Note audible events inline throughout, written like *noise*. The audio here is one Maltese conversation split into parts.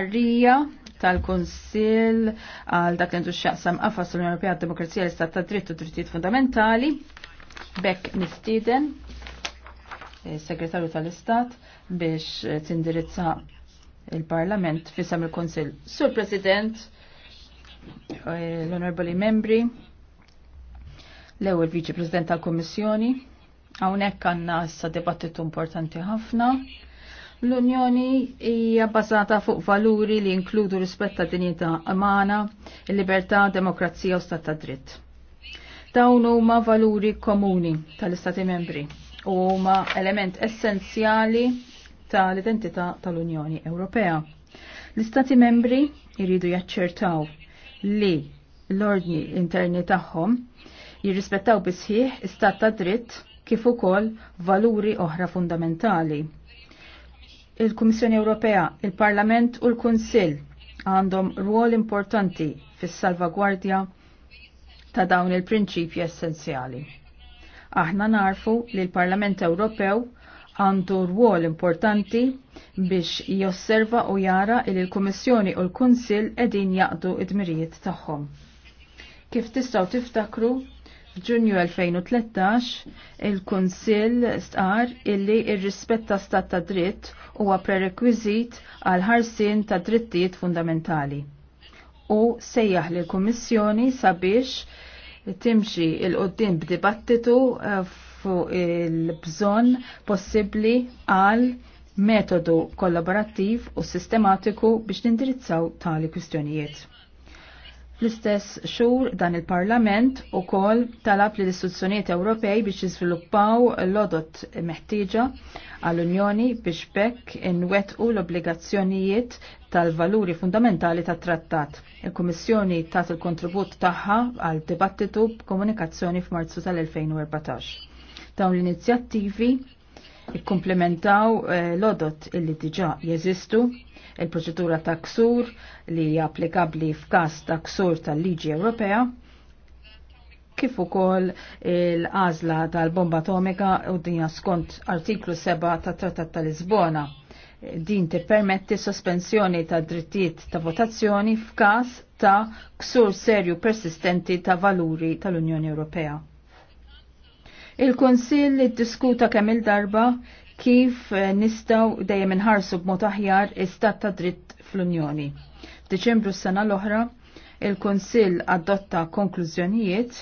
Arrija tal-Konsil għal dak l-intu xaqsam għafas l-Europea Demokrazija l-Istat ta' dritt u drittijiet fundamentali, Beck Nistiden, eh, segretarju tal-Istat, biex eh, tindirizza il-Parlament fisam il-Konsil. Sur President, eh, l-Onorabli Membri, l-ewel Viċi President tal-Kommissjoni, għawnek għanna sa' debattitu importanti ħafna. L-Unjoni hija bbażata fuq valuri li inkludu rispett ta' dinjità umana, il-libertà, demokrazija u stat ta' dritt. Dawn huma valuri komuni tal-Istati membri u huma element essenzjali tal-identità tal-Unjoni Ewropea. L-Istati membri jridu jaċċertaw li l-ordni interni tagħhom jirrispettaw bisħieħ istat ta' dritt kif ukoll valuri oħra fundamentali il-Kummissjoni Ewropea, il-Parlament u l-Kunsill għandhom ruol importanti fis-salvagwardja ta' dawn il-prinċipji essenzjali. Aħna narfu li l-Parlament Ewropew għandu rwol importanti biex josserva u jara il l-Kummissjoni u l-Kunsill edin jaqdu id-mirijiet tagħhom. Kif tistaw tiftakru, F'Ġunju 2013 il-Kunsill stqar illi ir-rispett ta' stat ta' dritt huwa prerekwiżit għal ħarsien ta' drittijiet fundamentali. U sejjaħ li l-Kummissjoni sabiex timxi il-qoddim b'dibattitu eh, fuq il-bżonn possibbli għal metodu kollaborattiv u sistematiku biex nindirizzaw tali kwistjonijiet. Fl-istess xhur dan il-Parlament ukoll talab li l-istituzzjonijiet Ewropej biex jiżviluppaw l-odot meħtieġa għall-Unjoni biex bekk u l-obbligazzjonijiet tal-valuri fundamentali tat-trattat. Il-Kummissjoni tat il-kontribut tagħha għal dibattitu b'komunikazzjoni f'Marzu tal-2014. Dawn l-inizjattivi ikkomplementaw eh, l-odot illi diġà jeżistu il-proċedura ta' ksur li applikabli applikabbli f'każ ta' ksur tal-Liġi Ewropea kif ukoll l-għażla tal-bomba atomika u dinja skont artiklu 7 tat-Trattat ta' Lisbona. Din tippermetti sospensjoni ta' drittijiet ta' votazzjoni f'każ ta' ksur serju persistenti ta' valuri tal-Unjoni Ewropea. Il-Konsil diskuta kemm il-darba kif eh, nistaw dejjem inħarsu b'mod aħjar istat ta' dritt fl-Unjoni. F'Diċembru s-sena l-oħra, il kunsill adotta konklużjonijiet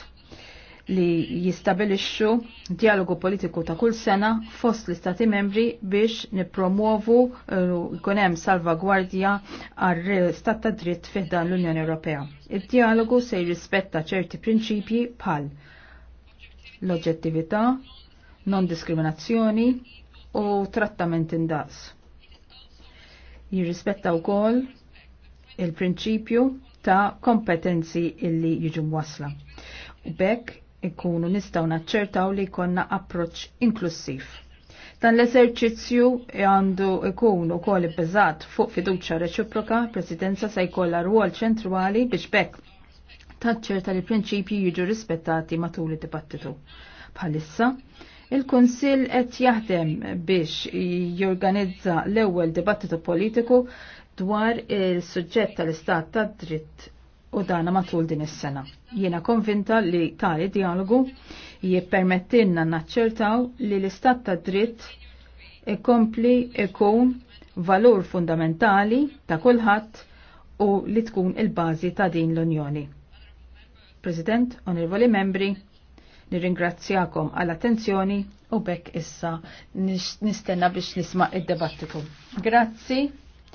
li jistabilixxu dialogu politiku ta' kull sena fost l-istati membri biex nipromuovu eh, jkun hemm salvagwardja għar stat ta' dritt fiħdan l-Unjoni Ewropea. Id-dialogu se jirrispetta ċerti prinċipji bħal l-oġġettività, non-diskriminazzjoni, u trattament indaqs. Jirrispetta wkoll il-prinċipju ta' kompetenzi illi jiġu wasla. U bekk ikunu nistaw naċċertaw li konna approċ inklusiv. Dan l-eżerċizzju għandu ikun ukoll ibbeżat fuq fiduċa reċiproka, presidenza se jkollha rwol ċentrali biex bekk taċċerta li prinċipji jiġu rispettati matul id-dibattitu. Bħalissa, Il-Kunsill qed jaħdem biex jorganizza l-ewwel dibattitu politiku dwar il-suġġett tal-istat tad dritt u dana matul din is-sena. Jiena konvinta li tali dialogu jippermettilna naċċertaw li l-istat ta' dritt ikompli ikun valur fundamentali ta' kulħadd u li tkun il-bażi ta' din l-Unjoni. President, onorevoli membri, Nirringrazzjakom għal attenzjoni u bekk issa nistenna biex nisma' id-debattitu. Grazzi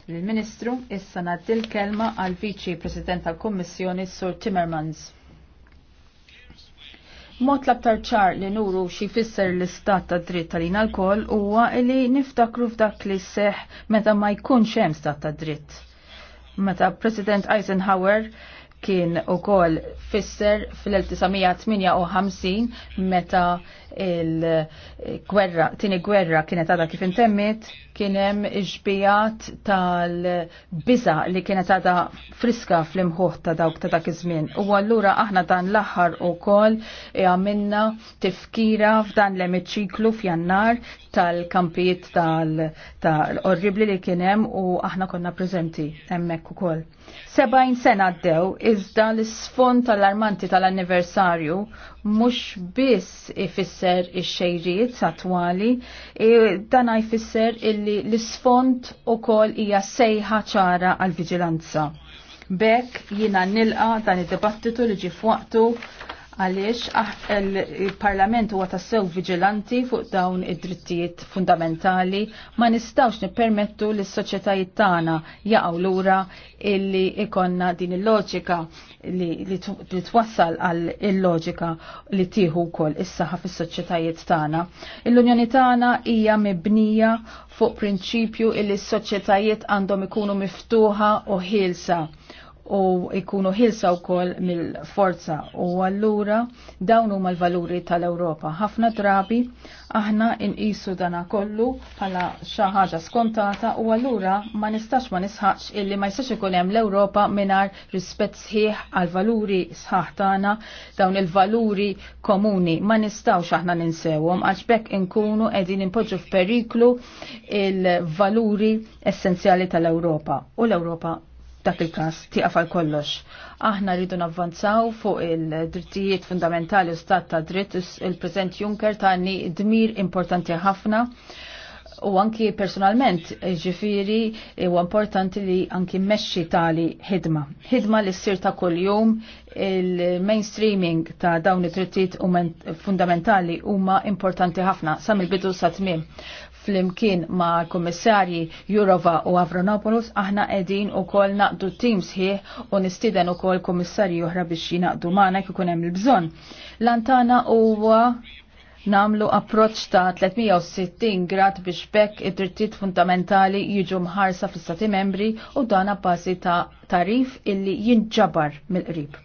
lill-Ministru, issa naddi l-kelma għal Viċi President tal-Kommissjoni Sur Timmermans. Mod l-aktar ċar li nuru xi fisser l-istat ta' dritt tal in alkohol huwa li niftakru f'dak li seħ meta ma jkunx hemm stat ta' dritt. Meta President Eisenhower kien ukoll fisser fil-1958 meta il-gwerra, tini gwerra kienet għada kif intemmit, kienem iġbijat tal-biza li kienet għada friska fl-imħuħ ta' dawk ta' dak iż-żmien. U allura aħna dan l-aħħar ukoll għamilna tifkira f'dan l-emiċiklu f'jannar tal-kampijiet tal-orribli li kienem u aħna konna prezenti emmek ukoll. Sebajn sena għaddew iżda l-sfond tal-armanti tal-anniversarju mhux biss ifisser jfisser ix-xejrijiet satwali, e, dan jfisser illi l-isfond ukoll hija sejħa ċara għal-viġilanza. Bek jina nilqa dan id-dibattitu li ġi għaliex il-Parlament huwa tassew viġilanti fuq dawn id-drittijiet fundamentali ma nistawx nippermettu l soċjetajiet tagħna jaqgħu lura illi ikonna din il-loġika li, twassal għal il-loġika li tieħu wkoll is-saħħa fis-soċjetajiet tagħna. Il-Unjoni tagħna hija mibnija fuq prinċipju illi s-soċjetajiet għandhom ikunu miftuħa u ħielsa u jkunu ħilsa wkoll mill-forza u allura dawn huma l-valuri tal-Ewropa. Ħafna drabi aħna inqisu dana kollu bħala xi ħaġa skontata u allura ma nistax ma nisħax illi ma jistax ikun hemm l-Ewropa mingħajr rispett sħiħ għal valuri sħaħ tagħna dawn il-valuri komuni ma nistawx aħna ninsewhom għax bekk inkunu qegħdin impoġġu f'periklu il-valuri essenzjali tal-Ewropa u l-Ewropa dak il-kas tiqaf għal kollox. Aħna rridu navvanzaw fuq il-drittijiet fundamentali u stat ta' dritt il-President Juncker tani dmir importanti ħafna u anki personalment ġifiri u importanti li anki meċi tali ħidma. ħidma li s-sir ta' kol-jum il-mainstreaming ta' dawn it-trittijiet fundamentali huma importanti ħafna sam il-bidu sa' tmim flimkien ma' komissarji Jurova u Avronopoulos aħna edin u kol naqdu tim sħiħ u nistiden u kol komissarji uħra biex jinaqdu maħna kikun hemm il-bżon. Lantana huwa namlu approċ ta' 360 grad biex bekk id-drittijiet fundamentali jiġu mħarsa fl istati membri u dana bażi ta' tarif illi jinġabar mill-qrib.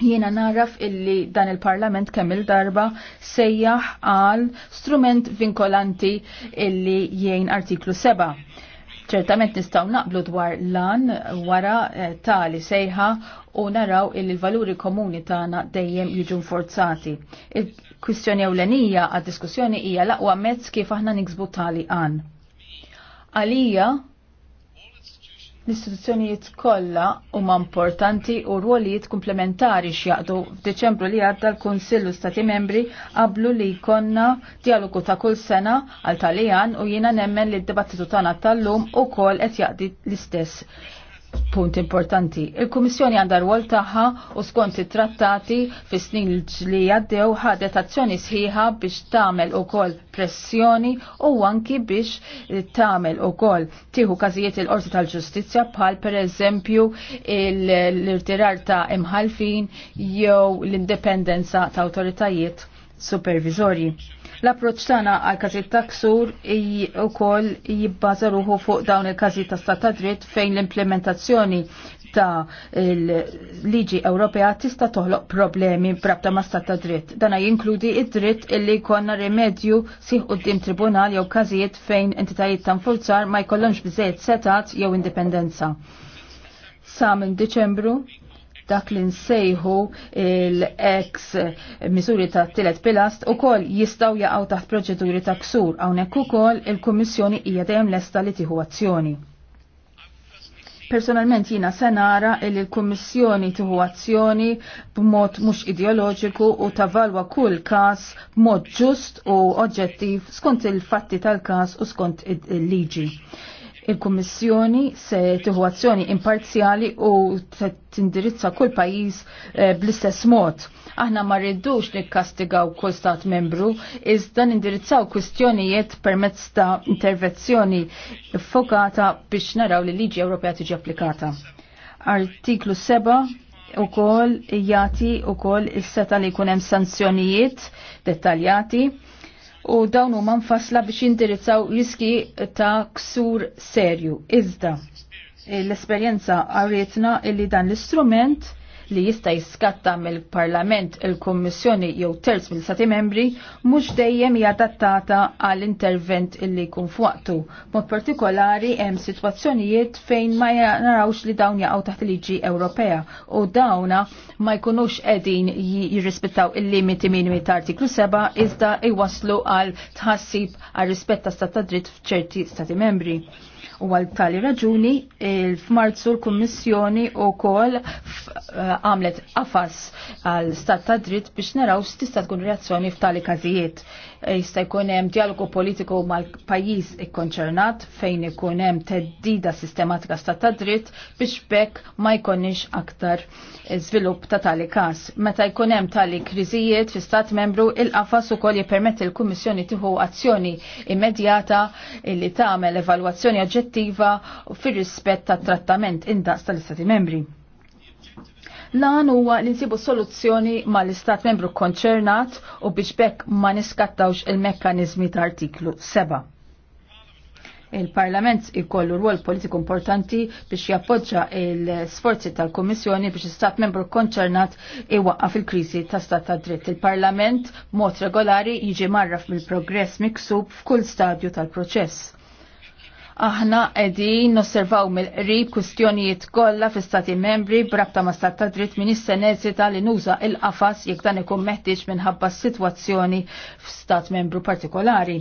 Jiena naraf illi dan il-Parlament kemm il-darba sejjaħ għal strument vinkolanti illi jgħin artiklu 7 ċertament nistaw naqblu dwar lan wara eh, tali sejħa u naraw illi l-valuri komuni tagħna dejjem jiġu forzati. Il-kwistjoni ewlenija għad-diskussjoni hija l-aqwa mezz kif aħna niksbu tali għan. Għalija L-istituzzjonijiet kollha huma importanti u rwolijiet komplementari x'jaqdu. F'Diċembru li għadda l-Kunsill u Stati Membri qablu li jkollna dialogu ta' kull sena għal Taljan u jiena nemmen li d-dibattitu tagħna tal-lum ukoll qed jaqdi l-istess punt importanti. Il-Kummissjoni għandha rwol tagħha u skont it-trattati fis-snin li għaddew ħadet azzjoni sħiħa biex tagħmel ukoll pressjoni u anki biex tagħmel ukoll tieħu każijiet il-Qorti tal-Ġustizzja bħal pereżempju l-irtirar ta' imħalfin jew l-indipendenza ta' awtoritajiet supervizorji L-approċ tagħna għal każijiet ta' ksur ukoll jibbaża ruħu fuq dawn il-każijiet ta' stat ta' dritt fejn l-implementazzjoni ta' l-liġi Ewropea tista' toħloq problemi brabta ma' stat ta' dritt. Dana jinkludi id-dritt illi jkollna rimedju u dim tribunal jew każijiet fejn entitajiet ta' nfurzar ma jkollhomx biżejjed setat jew indipendenza. Sa minn Diċembru dak li nsejħu l-ex misuri ta' tielet pilast u kol jistaw jaqaw taħt proċeduri ta' ksur hawnhekk ukoll il-Kummissjoni hija dejjem lesta li tieħu azzjoni. Personalment jina senara il il-Kommissjoni tiħu azzjoni b'mod mhux ideoloġiku u tavalwa kull każ b'mod ġust u oġġettiv skont il-fatti tal-każ u skont il-liġi. il liġi Il-Kummissjoni se tieħu azzjoni imparzjali u tindirizza kull pajjiż eh, bl-istess mod. Aħna ma rridux li kastigaw kull stat membru, iżda nindirizzaw kwistjonijiet permezz ta' intervenzjoni fokata biex naraw li liġi Ewropea tiġi applikata. Artiklu 7 u kol jati u kol il-seta li kunem sanzjonijiet dettaljati u dawn huma mfassla biex jindirizzaw riski ta' ksur serju. Iżda l-esperjenza għarietna illi dan l-istrument li jista' jiskatta mill-Parlament il-Kummissjoni jew terz mill-Stati membri mhux dejjem hija adattata għall intervent illi jkun fuqtu. Mod partikolari hemm sitwazzjonijiet fejn ma narawx li dawn jaqgħu taħt liġi Ewropea u dawna ma jkunux qegħdin jirrispettaw il-limiti minimi ta' artiklu 7 iżda iwaslu għal tħassib għal rispett ta' stat ta' dritt f'ċerti stati membri. U għal tali raġuni, f'Marzu l-Kummissjoni u kol eh, għamlet għafas għal stat ta' dritt biex naraw stista tkun reazzjoni f'tali kazijiet jista' jkun hemm dialogu politiku mal-pajjiż ikkonċernat fejn ikun hemm teddida sistematika sta' ta' dritt biex bekk ma jkunix aktar żvilupp ta' tali każ. Meta jkun hemm tali kriżijiet fi stat membru il-qafas ukoll jippermetti l-Kummissjoni tieħu azzjoni immedjata li tagħmel evalwazzjoni oġġettiva fir-rispett tat-trattament indaqs tal-Istati membri. Lan huwa li nsibu soluzzjoni mal-istat membru konċernat u biex bekk ma niskattawx il-mekkanizmi ta' artiklu 7. Il-Parlament ikollu rwol politiku importanti biex jappoġġa l-sforzi tal-Kommissjoni biex istat membru konċernat iwaqqa' fil kriżi ta' stat ta' dritt. Il-Parlament mod regolari jiġi marraf mill-progress miksub f'kull stadju tal-proċess. Aħna qegħdin nosservaw mill-qrib kwistjonijiet kollha fl-Stati membri brabta ma' stat ta' dritt min is-senezita li nuża il-qafas jekk dan ikun meħtieġ minħabba s-sitwazzjoni f'stat membru partikolari.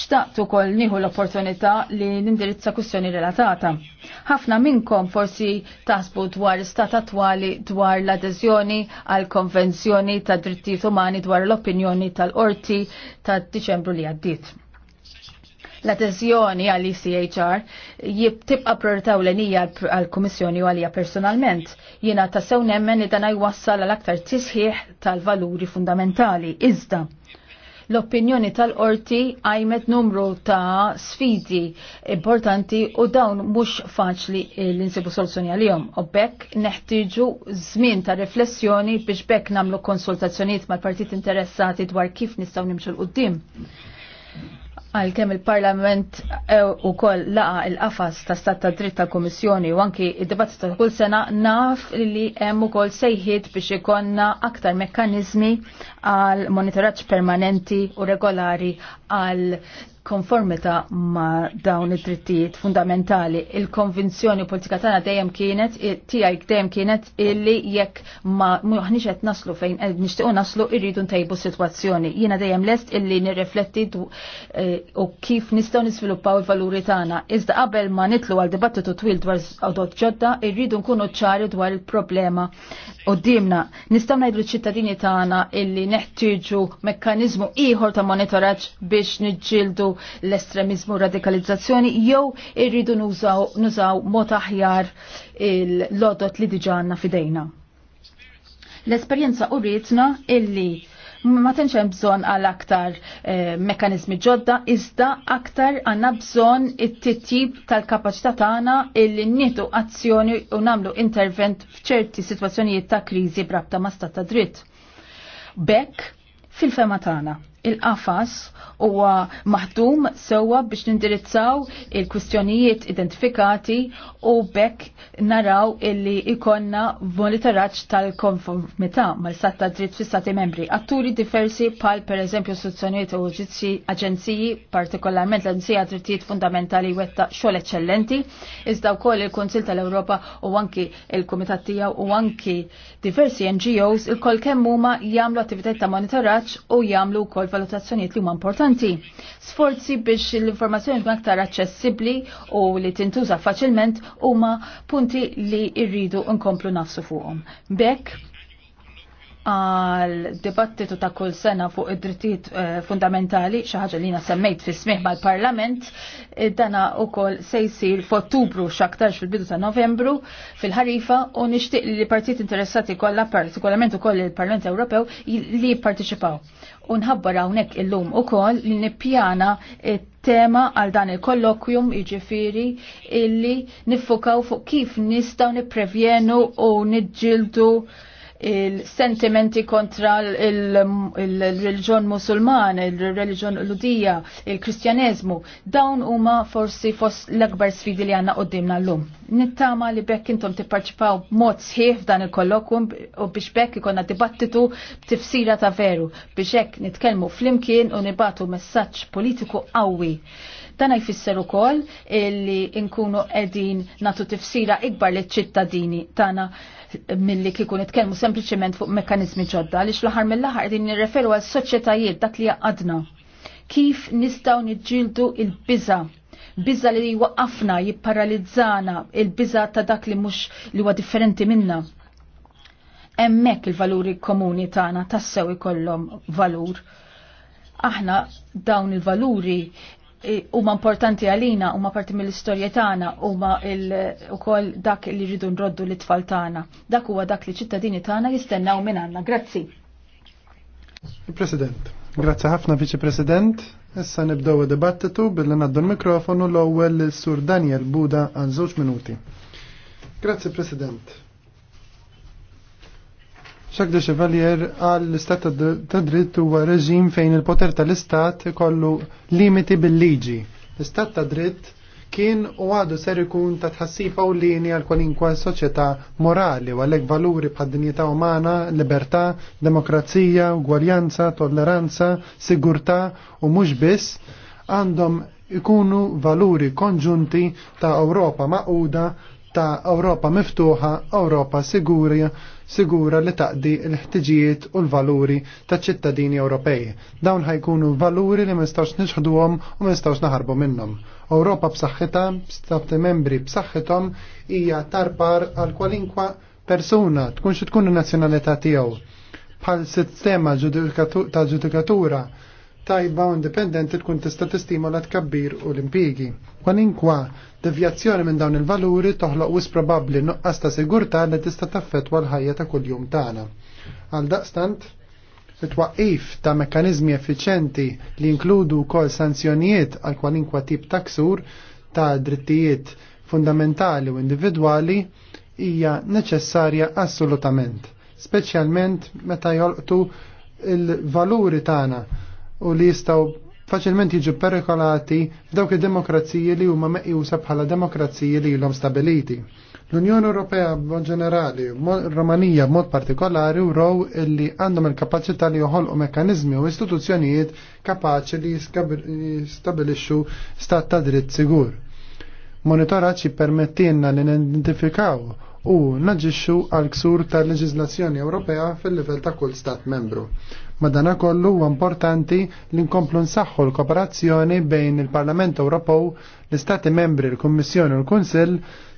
Xtaqt ukoll nieħu l-opportunità li nindirizza kwistjoni relatata. Ħafna minnkom forsi taħsbu dwar istat attwali dwar l-adeżjoni għal konvenzjoni ta' drittijiet umani dwar l-opinjoni tal-qorti ta' Diċembru li għaddiet l attenzjoni għal ECHR tibqa priorità l-enija għal-Komissjoni u għalija personalment. Jiena tassew nemmen li dan jwassal għal-aktar tisħiħ tal-valuri fundamentali. Iżda, l-opinjoni tal-qorti għajmet numru ta' sfidi importanti u dawn mhux faċli l-insibu soluzzjoni għalihom. U bekk neħtieġu żmien ta' riflessjoni biex bekk nagħmlu konsultazzjonijiet mal-partit interessati dwar kif nistgħu nimxu l qoddim għal kem il-Parlament eh, u koll laqa il-qafas ta' stat ta' dritta komissjoni u anki id debat ta' kull sena naf li hemm ukoll sejħiet biex ikonna aktar mekkanizmi għal monitoraċ permanenti u regolari għal konformita ma dawn id-drittijiet fundamentali. Il-konvinzjoni politika tagħna dejjem kienet, tiegħek dejjem kienet illi jekk ma aħniex qed naslu fejn qed nixtiequ naslu irridu ntajbu sitwazzjoni. Jiena dejjem lest illi nirrifletti eh, u kif nistgħu nisviluppaw il-valuri tagħna. Iżda qabel ma nitlu għal dibattitu twil dwar għodot ġodda, irridu nkunu ċari dwar il-problema u Nistgħu Nistaw l-ċittadini tagħna illi neħtieġu mekkaniżmu ieħor ta' monitoraġġ biex niġġieldu l-estremizmu radikalizzazzjoni jew irridu nużaw, mod aħjar il-lodot li diġà għandna fidejna. L-esperjenza u rritna illi ma tenx hemm bżonn għal aktar eh, mekkaniżmi ġodda, iżda aktar għandna bżonn it-titjib tal-kapaċità tagħna illi nieħdu azzjoni u nagħmlu intervent f'ċerti sitwazzjonijiet ta' kriżi brabta ma' stat ta' dritt Bekk fil fematana tagħna il-qafas huwa maħdum sewwa biex nindirizzaw il-kwistjonijiet identifikati u bekk naraw illi ikonna monitoraġġ tal-konformità mal-sat ta' dritt fis-stati membri. Atturi diversi pal per eżempju istituzzjonijiet u aġenziji, partikolarment l-Aġenzija Drittijiet Fundamentali wetta xogħol eċċellenti, iżda wkoll il-Kunsil tal-Ewropa u anki il-Kumitat tiegħu u anki diversi NGOs il-kol kemm huma jagħmlu attivitajiet ta' monitoraġġ u jagħmlu wkoll valutazzjonijiet li huma importanti. Sforzi biex l-informazzjoni tkun aktar aċċessibbli u li tintuża faċilment huma punti li rridu nkomplu nafsu fuqhom. Bekk għal dibattitu ta' kull sena fuq id-drittijiet eh, fundamentali, xaħġa li semmejt fi smih mal parlament eh, dana u kol se jisir f'Ottubru xaktarx fil-bidu ta' Novembru fil-ħarifa u nixtieq li partijiet interessati kollha partikolarment ukoll il-Parlament Ewropew li jipparteċipaw. il hawnhekk illum ukoll li nippjana tema għal dan il-kollokjum iġifiri illi nifukaw fuq kif nistaw niprevjenu u nidġildu il-sentimenti kontra il-reġjon musulman, il-reġjon ludija, il kristjanizmu dawn huma forsi fos l-akbar sfidi li għanna għoddimna l-lum. Nittama li bekk intom tipparċipaw mod sħiħ dan il-kollokum u biex bekk ikonna dibattitu b'tifsira ta' veru, biex hekk nitkellmu flimkien u nibatu messaġġ politiku qawwi Dan jfisser ukoll illi nkunu qegħdin natu tifsira ikbar li ċittadini tagħna milli kikun itkellmu sempliċement fuq mekkaniżmi ġodda li fl-aħħar mill-aħħar qegħdin nirreferu għal soċjetajiet dak li għadna. Kif nistgħu niġġieldu il-biża' biża li waqqafna, jipparalizzana, il-biża ta' dak li mhux li huwa differenti minna emmek il-valuri komuni tagħna tassew ikollhom valur. Aħna dawn il-valuri huma importanti għalina, huma parti mill-istorja tagħna, huma wkoll dak li rridu nroddu l tfal tagħna. Dak huwa dak li ċittadini tagħna jistennaw minn għandna. Grazzi. President, grazzi ħafna Viċi President. Issa nibdew id-dibattitu billi naddu l-mikrofonu l-ewwel sur Daniel Buda għal żewġ minuti. Grazzi President. Jacques de Chevalier għal l-istat ta' dritt huwa reġim fejn il-poter tal-istat kollu limiti bil-liġi. L-istat ta' dritt kien u għadu ser ikun ta' tħassib u lini għal kwalinkwa soċjetà morali u għalhekk valuri bħad dinjeta umana, libertà, demokrazija, ugwaljanza, tolleranza, sigurtà u mhux biss għandhom ikunu valuri konġunti ta' Ewropa maquda ta' Ewropa miftuħa, Ewropa sigurja sigura li taqdi l-ħtiġijiet u l-valuri ta' ċittadini Ewropej. Dawn ħajkunu valuri li mistax nixħduhom u mistax naħarbu minnhom. Ewropa b'saħħitha, stati membri b'saħħithom hija tarpar għal kwalinkwa persuna tkun xi tkun in-nazzjonalità tiegħu. Bħal sistema ta' ġudikatura tajba u indipendenti tkun tista' tistimola tkabbir u l-impjigi. Kwalinkwa devjazzjoni minn dawn il-valuri toħloq wis probabbli nuqqas ta' sigurtà li tista' taffettwa l-ħajja ta' kuljum tagħna. Għal daqstant, it-twaqif ta' mekkanizmi effiċenti li inkludu kol sanzjonijiet għal kwalinkwa tip ta' ksur ta' drittijiet fundamentali u individwali hija neċessarja assolutament, speċjalment meta jolqtu il-valuri tagħna u li jistaw faċilment jiġu perikolati f'dawk id-demokrazija li huma meqjusa bħala demokrazija li ilhom stabiliti. L-Unjoni Ewropea b'mod ġenerali, Romanija b'mod partikolari uraw illi għandhom il-kapaċità li joħolqu mekkaniżmi u istituzzjonijiet kapaċi li jistabilixxu stat ta' dritt sigur. Monitoraġġ jippermettilna li nidentifikaw u naġixxu għal ksur tal-leġiżlazzjoni Ewropea fil-livell ta' kull stat membru. Madanakollu huwa importanti li nkomplu nsaħħu l-kooperazzjoni bejn il-Parlament Ewropew, l-Istati Membri, l-Kummissjoni u l-Kunsill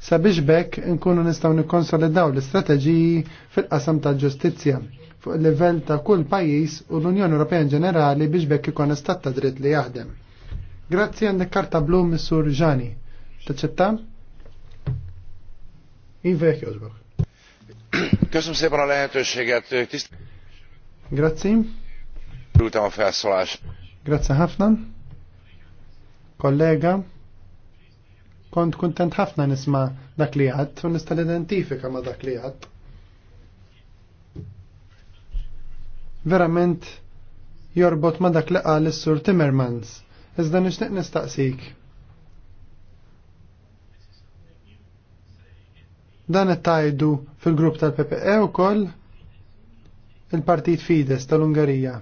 sabiex bekk nkunu nistgħu nikkonsolidaw l-istrateġiji fil-qasam tal-ġustizzja fuq il-livell ta' kull pajjiż u l-Unjoni Ewropea in ġenerali biex bekk ikun istat ta' dritt li jaħdem. Grazzi għandek karta blu Missur Ġani. Taċċetta? Ivek jogħġbok. Kasum sebra lehetőséget. Tiszt... Grazzi. Ruta ma fejja solax. Grazzi ħafna. Kollega, kont kuntent ħafna nisma dak li għad u nista l-identifika ma dak li għad. Verament jorbot ma dak li qal s sur Timmermans. Iżda nishtiq nistaqsik. Dan qed tajdu fil-grupp tal-PPE koll, il-Partit Fides tal-Ungarija.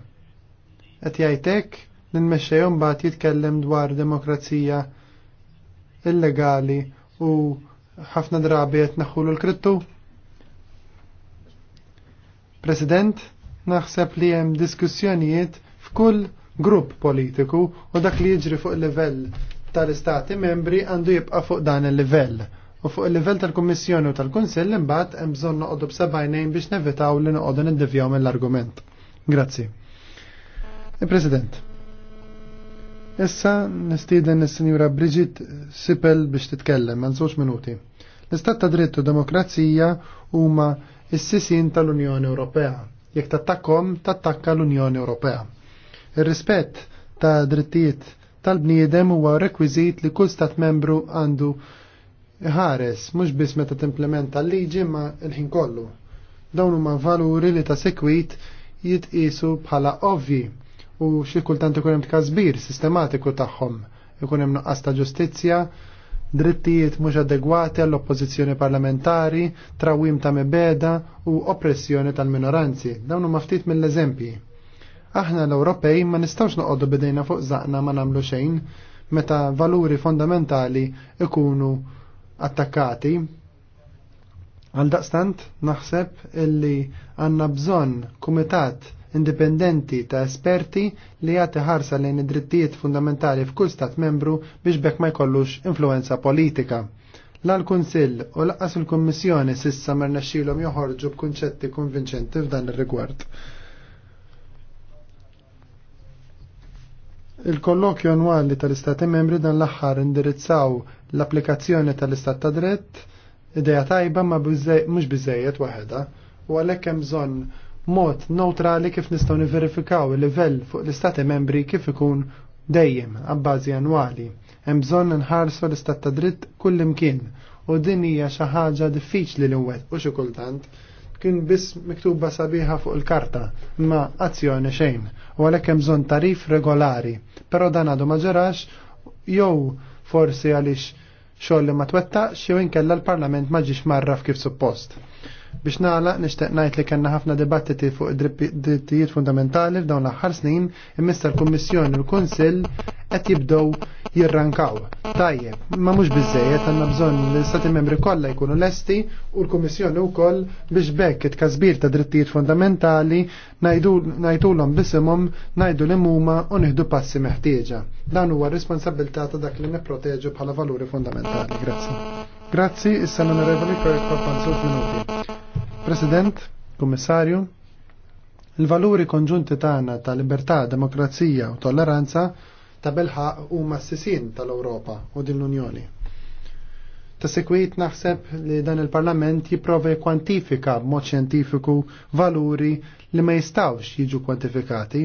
Qed jajtek li nmexxejhom bat jitkellem dwar demokrazija illegali u ħafna drabi qed naħħulu l-krittu? President, naħseb li hemm diskussjonijiet f'kull grupp politiku u dak li jiġri fuq il-livell tal-istati membri għandu jibqa' fuq dan il-livell u fuq il-livell tal-Kummissjoni u tal-Kunsill imbagħad hemm bżonn noqogħdu b'sebgħinejn biex nevitaw li noqogħdu niddivjaw mill-argument. Grazzi. Il-President. Eh, Issa nistieden is-Sinjura Brigid Sipel biex titkellem għal żewġ minuti. L-istat ta' dritt u demokrazija huma s-sisin tal-Unjoni Ewropea. Jekk tattakkom, tattakka l-Unjoni Ewropea. Ir-rispett ta' drittijiet tal-bniedem huwa rekwiżit li kull stat membru għandu ħares mhux biss meta timplementa l-liġi ma l-ħin kollu. Dawn huma valuri li ta' sekwit jitqisu bħala ovvi u xi kultant ikun hemm tkażbir sistematiku tagħhom. Ikun hemm nuqqas ta' ġustizzja, drittijiet mhux adegwati għall oppożizzjoni parlamentari, trawim ta' mibeda u oppressjoni tal-minoranzi. Dawn huma ftit mill-eżempji. Aħna l-Ewropej ma nistgħux noqogħdu bidejna fuq zaqna ma nagħmlu xejn meta valuri fondamentali ikunu attakkati. Għaldaqstant naħseb illi għanna bżon kumitat indipendenti ta' esperti li jagħti ħarsa lejn id-drittijiet fundamentali f'kull stat membru biex bekk ma jkollux influenza politika. L-għal kunsill u laqqas il-Kommissjoni sissa merna xilom joħorġu b'kunċetti konvinċenti f'dan ir-rigward. Il-kollokju annwali tal-Istati membri dan l-aħħar indirizzaw l-applikazzjoni tal-Istat ta' dritt ideja tajba ma mhux biżejjed waħedha u għalhekk hemm bżonn mod neutrali kif nistgħu niverifikaw il-livell fuq l-Istati membri kif ikun dejjem għabbażi annwali. Hemm bżonn nħarsu l-Istat ta' dritt kull imkien u din hija xi ħaġa diffiċli li inwet u xi kultant kien biss miktuba sabiħa fuq il-karta, ma azzjoni xejn, u għalhekk hemm bżonn tarif regolari, però dan għadu ma ġarax jew forsi għaliex xogħol li ma twettaqx jew inkella l-Parlament ma ġiex marraf kif suppost. Biex nagħlaq nixtieq ngħid li kellna ħafna dibattiti fuq drittijiet fundamentali f'dawn l-aħħar snin, imissa l-Kummissjoni u l-Kunsill qed jibdew jirrankaw. Tajjeb, ma mhux biżejjed għandna bżonn li stati membri kollha jkunu lesti u l-Kummissjoni wkoll biex bekk it-każbir ta' drittijiet fundamentali ngħidulhom bisimhom ngħidu li huma u nieħdu passi meħtieġa. Dan huwa responsabilità ta' dak li nipproteġu bħala valuri fundamentali. Grazzi. Grazzi, issa l-Onorevoli per minuti. President, Kummissarju, il-valuri konġunti tagħna ta' libertà, demokrazija u tolleranza ta' belħaq huma s tal-Ewropa u din l-Unjoni. Ta' sekwit naħseb li dan il-Parlament jipprova kwantifika b'mod xjentifiku valuri li ma jistawx jiġu kwantifikati.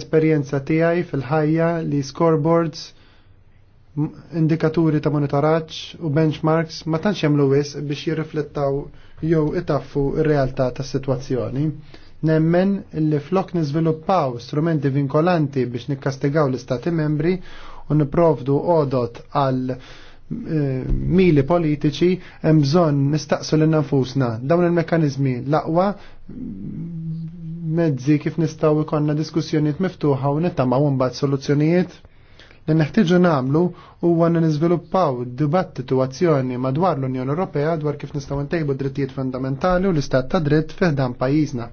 Esperjenza tiegħi fil-ħajja li scoreboards, indikaturi ta' monitoraġġ u benchmarks ma tantx jagħmlu wisq biex jirriflettaw jew itaffu r-realtà tas-sitwazzjoni. Nemmen li flok niżviluppaw strumenti vinkolanti biex nikkastigaw l-Istati membri u niprovdu odot għal eh, mili politiċi hemm bżonn nistaqsu lil nafusna dawn il-mekkaniżmi l-aqwa mezzi kif nistgħu ikonna diskussjonijiet miftuħa u nittamaw mbagħad soluzzjonijiet li neħtieġu nagħmlu huwa niżviluppaw dibattitu azzjoni madwar l-Unjoni Ewropea dwar kif nistgħu ntejbu drittijiet fundamentali u l-istat ta' dritt fiħdan pajjiżna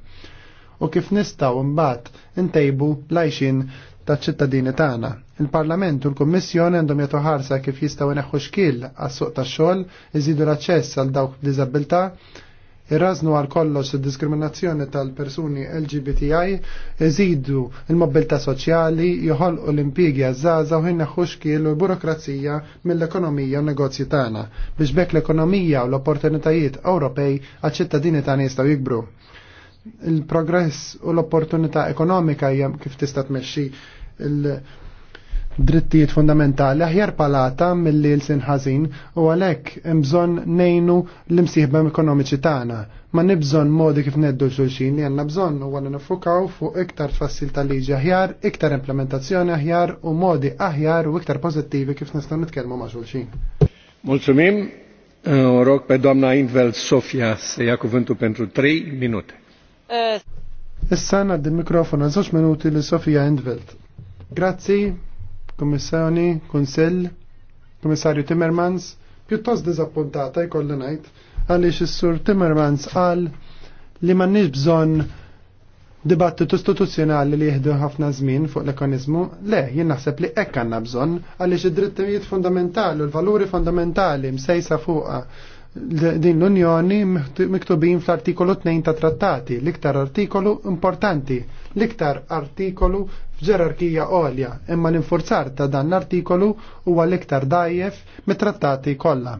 u kif nistgħu mbagħad intejbu lajxin taċ-ċittadini tagħna. Il-Parlament u l-Kummissjoni għandhom jagħtu ħarsa kif jistgħu ineħħu xkil għas-suq tax-xogħol, iżidu l-aċċess għal dawk b'diżabilità, irraznu għal kollox id-diskriminazzjoni tal-persuni LGBTI, iżidu il-mobilità soċjali, joħolqu l-impigi zaza u ħinna xuxkil u burokrazija mill-ekonomija u negozji tagħna biex bekk l-ekonomija u l-opportunitajiet Ewropej għal ċittadini tagħna jistgħu jikbru il-progress u l-opportunità ekonomika jem kif tista' tmexxi il-drittijiet fundamentali aħjar palata mill-li l-sin ħażin u għalhekk hemm bżonn ngħinu l-imsieħba ekonomiċi tagħna. Ma nibżonn modi kif neddu xulxin li għandna bżonn u għanna nifukaw fuq iktar tfassil ta' liġi aħjar, iktar implementazzjoni aħjar u modi aħjar u iktar pozittivi kif nistgħu nitkellmu ma' xulxin. Mulțumim, rog pe doamna Invel Sofia se ia cuvântul pentru 3 minute. Eh, Issa għaddi il-mikrofonu għal minuti li Sofija Endvelt. Grazzi, Kommissjoni, konsell, komissarju Timmermans, pjuttost dizappuntata jkolli ngħid għaliex is-Sur Timmermans qal li mannix bżonn dibattitu istituzzjonali li jieħdu ħafna żmien fuq l-ekonizmu. Le, jien naħseb li hekk għandna bżonn għaliex id-drittijiet fundamentali u l-valuri fundamentali msejsa fuqha din l-Unjoni miktubin fl-artikolu 2 ta' trattati, l-iktar artikolu importanti, l-iktar artikolu f'ġerarkija għolja, imma l-infurzar ta' dan l-artikolu huwa l-iktar dajjef mit-trattati kollha.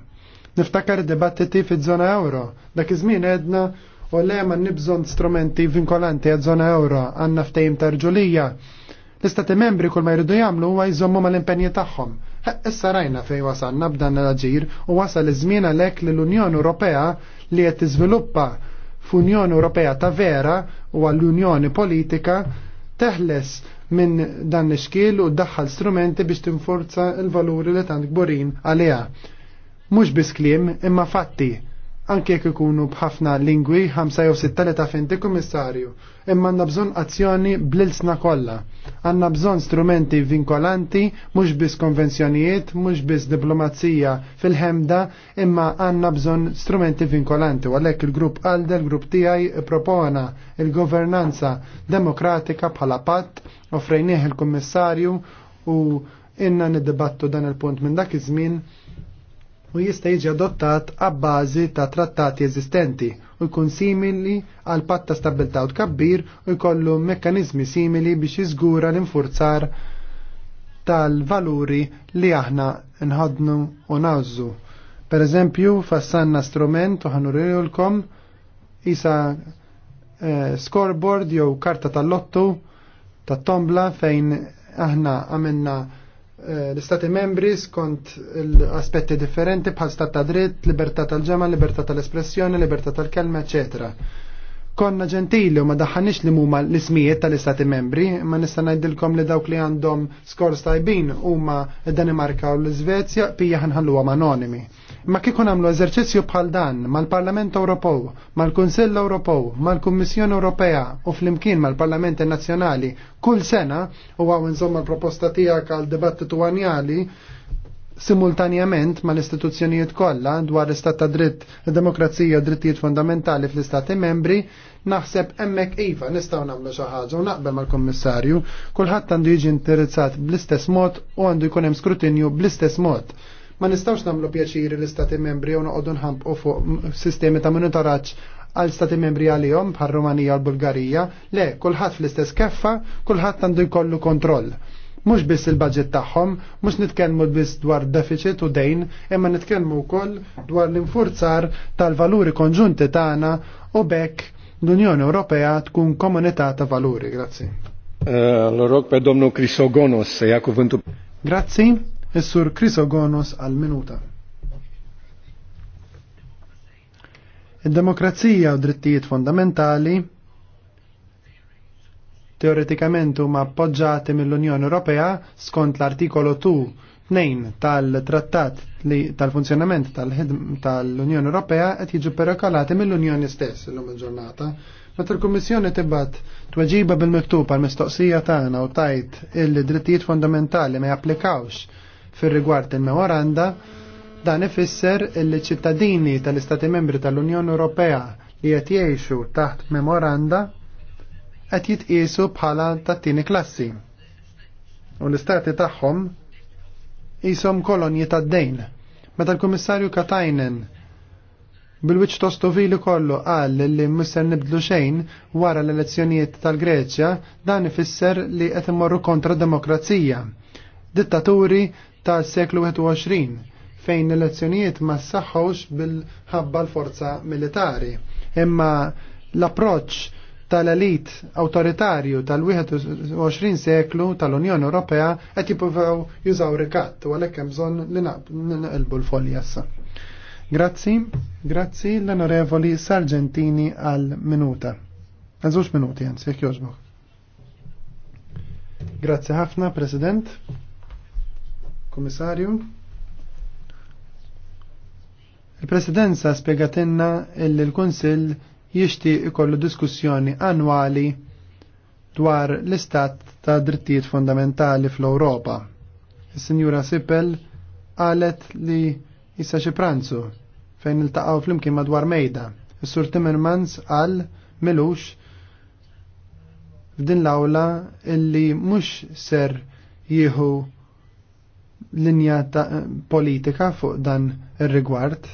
Niftakar debattiti fiż-żona euro, dak iż-żmien edna u le ma nibżon strumenti vinkolanti għad zona euro għandna ftejim tarġulija. L-istati membri kull ma jridu jagħmlu huwa jżommu mal-impenji tagħhom Issa rajna fej wasal b'dan l-aġir u wasal iż-żmien għalhekk li l-Unjoni Ewropea li qed tiżviluppa f'Unjoni Ewropea ta' vera u għall-Unjoni Politika teħles minn dan l-xkiel u ddaħħal strumenti biex tinforza l-valuri li tant gborin għaliha. Mhux biss kliem imma fatti anke jekk ikunu bħafna lingwi 5 jew 6 li tafin inti kummissarju. Imma għandna bżonn azzjoni bl-ilsna kollha. Għandna bżonn strumenti vinkolanti, mhux biss konvenzjonijiet, mhux biss diplomazija fil-ħemda, imma għandna bżonn strumenti vinkolanti. Għalhekk il-grupp Alde, il-grupp tiegħi ppropona il-governanza demokratika bħala patt, offrejnieh il-kummissarju u inna niddibattu dan il-punt minn dak iż-żmien u jista' jiġi adottat għabbażi ta' trattati eżistenti u jkun simili għal patt ta' stabilta' u tkabbir u jkollu mekkanizmi simili biex jiżgura l-infurzar tal-valuri li aħna nħadnu u nażżu. Per eżempju, fassanna strument u ħanurilkom isa eh, scoreboard jew karta tal-lottu tat tombla fejn aħna għamilna Eh, l-istati membri skont aspetti differenti bħal stat ta' dritt, libertà tal-ġemma, libertà tal-espressjoni, libertà tal-kelma, eccetera. Konna ġentili u ma daħħanix li mumma l-ismijiet tal-istati membri, ma nista' ngħidilkom li dawk li għandhom skors tajbin huma d-Danimarka u l-Iżvezja pija ħanħalluhom anonimi. Ma kieku nagħmlu eżerċizzju bħal dan mal-Parlament Ewropew, mal-Kunsill Ewropew, mal-Kummissjoni Ewropea u flimkien mal-Parlamenti Nazzjonali kull sena u għaw insomma l-proposta tiegħek għal dibattitu annjali simultanjament mal istituzzjonijiet kollha dwar l-istat ta' dritt, demokrazija u drittijiet fundamentali fl-istati membri, naħseb hemmhekk iva nistgħu nagħmlu xi ħaġa u naqbel mal-Kummissarju, kulħadd għandu jiġi interessat bl-istess mod u għandu jkun hemm skrutinju bl-istess mod Ma nistawx namlu pjaċiri l-istati membri u noqogħdu u fuq sistemi ta' monitoraġġ għal stati membri għalihom bħal Rumanija u Bulgarija, le, kulħadd fl-istess keffa, kulħadd għandu jkollu kontroll. Mhux biss il-budget tagħhom, mhux nitkellmu biss dwar deficit u dejn, imma nitkellmu wkoll dwar l-infurzar tal-valuri konġunti tagħna u bekk l-Unjoni Ewropea tkun komunità ta' valuri. Grazzi. Eh, L-Europa domnu Krisogonos, ja kuvintu. Grazzi. Is-sur Krisogonos għal-minuta. Id-demokrazija u drittijiet fondamentali teoretikament huma appoġġati mill-Unjoni Ewropea skont l-artikolu 2 tal-trattat tal-funzjonament tal-Unjoni Ewropea qed jiġu perokolati mill-Unjoni stess illum il-ġurnata. Meta l-Kummissjoni tibgħat tweġiba bil-miktub għal mistoqsija tagħna u tajt il-drittijiet fondamentali ma japplikawx fir-rigward il-memoranda dan ifisser il ċittadini tal-Istati Membri tal-Unjoni Ewropea li qed jgħixu taħt memoranda qed jitqiesu bħala tat-tieni klassi. U l-istati tagħhom qishom kolonji tad-dejn. Meta l-Kummissarju Katajnen Bil-wiċ tostovili kollu għal li misser nibdlu xejn wara l-elezzjonijiet tal-Greċja dan ifisser li qed imorru kontra demokrazija. Dittaturi ta' s-seklu 21 fejn l-elezzjonijiet ma s-saxħawx bil-ħabba l-forza militari. Imma l-approċ tal-elit autoritarju tal-21 seklu tal-Unjoni Ewropea qed jipruvaw jużaw rikatt u għalhekk hemm bżonn li naqbu l-folja issa. Grazzi, grazzi l-Onorevoli Sargentini għal minuta. Għażux minuti, għanzi, jek joġbok. Grazzi ħafna, President. Komissarju. Il-Presidenza spiegatenna illi l-Kunsill jishti ikollu diskussjoni annwali dwar l-istat ta' drittijiet fundamentali fl-Europa. Is-Sinjura Sippel qalet li issa xi pranzu fejn iltaqgħu flimkien madwar mejda. Is-Sur Timmermans qal milux f'din l-awla illi mhux ser jieħu linja ta' politika fuq dan ir-rigward?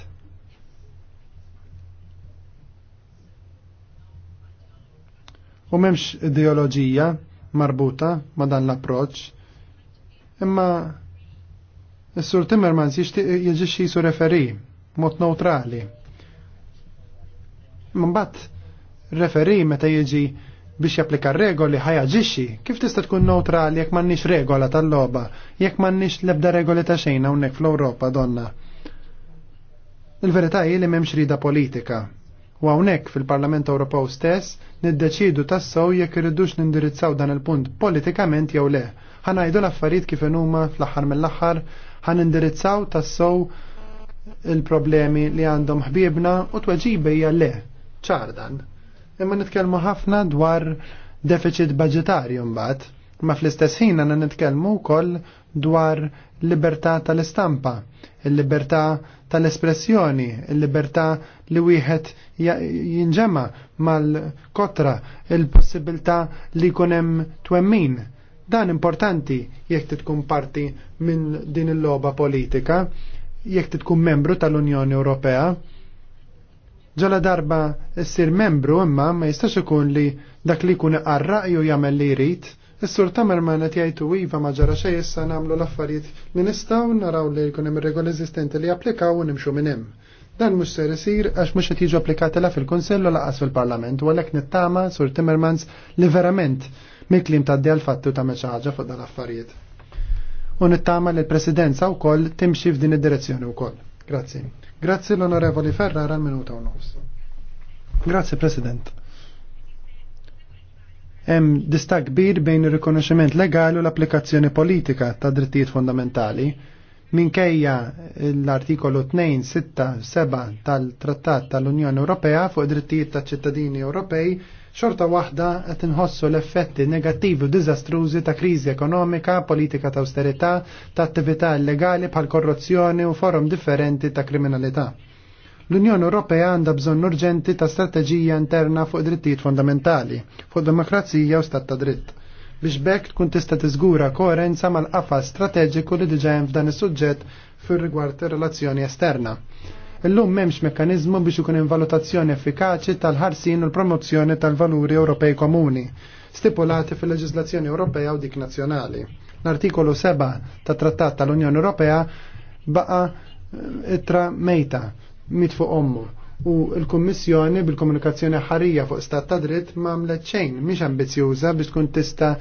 U memx ideoloġija marbuta ma dan l-approċ, imma s-sur Timmermans jixtieq xie su referi, mod neutrali. Mbatt, referi meta jiġi biex japplika regoli ħajaġixxi, kif tista' tkun neutrali jekk m'għandniex regola tal-logħba, jekk m'għandniex l-ebda regoli ta' xejn hawnhekk fl-Ewropa donna. Il-verità hi li m'hemmx rida politika. U hawnhekk fil-Parlament Ewropew stess niddeċidu tassew jekk irridux nindirizzaw dan il-punt politikament jew le. Ħanajdu l-affarijiet kif huma fl-aħħar mill-aħħar, ħan indirizzaw tassew il-problemi li għandhom ħbiebna u tweġiba hija le. Ċardan, imma nitkellmu ħafna dwar deficit budgetarju mbagħad, ma fl-istess ħin għandna nitkellmu wkoll dwar libertà tal-istampa, il-libertà tal-espressjoni, il-libertà li wieħed jinġema mal-kotra, il-possibilità li jkun hemm twemmin. Dan importanti jekk titkun parti minn din il-logħba politika, jekk titkun membru tal-Unjoni Ewropea, Ġala darba s-sir membru imma ma jistax ikun li dak li jkun ju jagħmel li jrid. Is-sur Tamerman qed jgħidu iva ma ġara xejn issa nagħmlu l-affarijiet li nistgħu naraw li jkun hemm regoli eżistenti li japplikaw u nimxu minn hemm. Dan mhux ser isir għax mhux qed jiġu applikati la fil-Kunsell u laqas fil-Parlament u għalhekk nittama sur Timmermans li verament miklim klim tgħaddi għal fattu u tagħmel xi ħaġa fuq dan affarijiet. U nittama li l-Presidenza wkoll timxi f'din id-direzzjoni wkoll. Grazzi. Grazzi Lonorevoli Ferrara Ferrara minuta u nofs. Grazie President. Hemm dista' kbir bejn ir-rikonoxximent legali u l-applikazzjoni politika ta' drittijiet fondamentali minkejja l-artikolu 2, 6, 7 tal-Trattat tal-Unjoni Ewropea fuq id-drittijiet ta' ċittadini Ewropej xorta waħda qed inħossu l-effetti negattivi u diżastrużi ta' kriżi ekonomika, politika ta' austerità, ta' attività illegali bħal korruzzjoni u forum differenti ta' kriminalità. L-Unjoni Ewropea għandha bżonn urġenti ta' strateġija interna fuq drittijiet fondamentali, fuq demokrazija u stat ta' dritt biex bekk tkun tista' tiżgura koerenza mal-qafas strateġiku li diġa hemm f'dan is-suġġett fir rigward ir-relazzjoni esterna. Illum memx mekkanizmu biex ikun hemm valutazzjoni effikaċi tal-ħarsin u l-promozzjoni tal-valuri Ewropej komuni, stipulati fil-leġislazzjoni Ewropea u dik nazzjonali. L-artikolu 7 ta' Trattat tal-Unjoni Ewropea baqa itra mejta mit fuq ommu u l-Kummissjoni bil-komunikazzjoni ħarija fuq stat ta' dritt ma' mlet xejn, mhix ambizjuża biex tkun tista'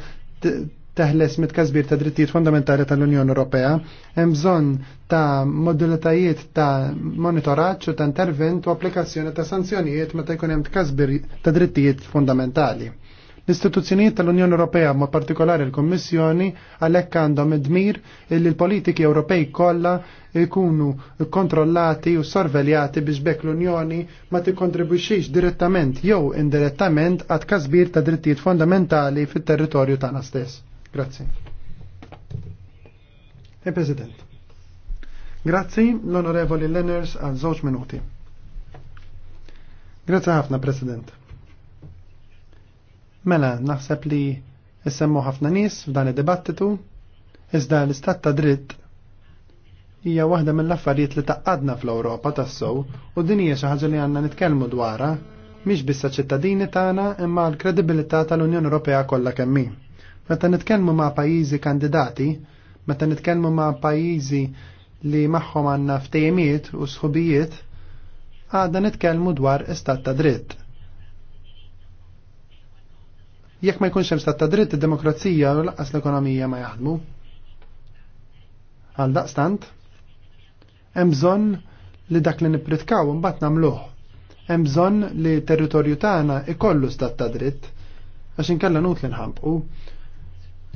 teħles mit-kazbir ta' drittijiet fundamentali tal-Unjoni Ewropea, hemm bżonn ta' modulitajiet ta' monitoraġġ u ta' intervent u applikazzjoni ta' sanzjonijiet meta jkun hemm tkasbir ta' drittijiet fundamentali. L-istituzzjonijiet tal-Unjoni Ewropea ma' partikolari l-Kommissjoni għalhekk għandhom id-dmir illi l-politiki Ewropej kollha jkunu kontrollati u sorveljati biex bekk l-Unjoni ma tikkontribwixx direttament jew indirettament għad kasbir ta' drittijiet fondamentali fit-territorju tagħna stess. Grazzi. E president Grazzi l'onorevoli Lenners għal żewġ minuti. Grazzi ħafna, President. Mela, naħseb li jessemmu ħafna nies f'dan id-dibattitu, iżda l-istat ta' dritt hija waħda mill-affarijiet li taqqadna fl-Ewropa tassow u din hija xi ħaġa li għandna nitkellmu dwarha mhix biss ċittadini tagħna imma l-kredibilità tal-Unjoni Ewropea kollha kemm Meta nitkellmu ma' pajjiżi kandidati, meta nitkellmu ma' pajjiżi li magħhom għandna ftejmiet u sħubijiet, għadna nitkellmu dwar istat ta' dritt jekk ma jkunx hemm stat ta' dritt id-demokrazija u laqas l-ekonomija ma jaħdmu. Għal daqstant, hemm bżonn li dak li nippritkaw imbagħad nagħmluh. Hemm bżonn li territorju tagħna ikollu stat ta' dritt għax inkella nutli li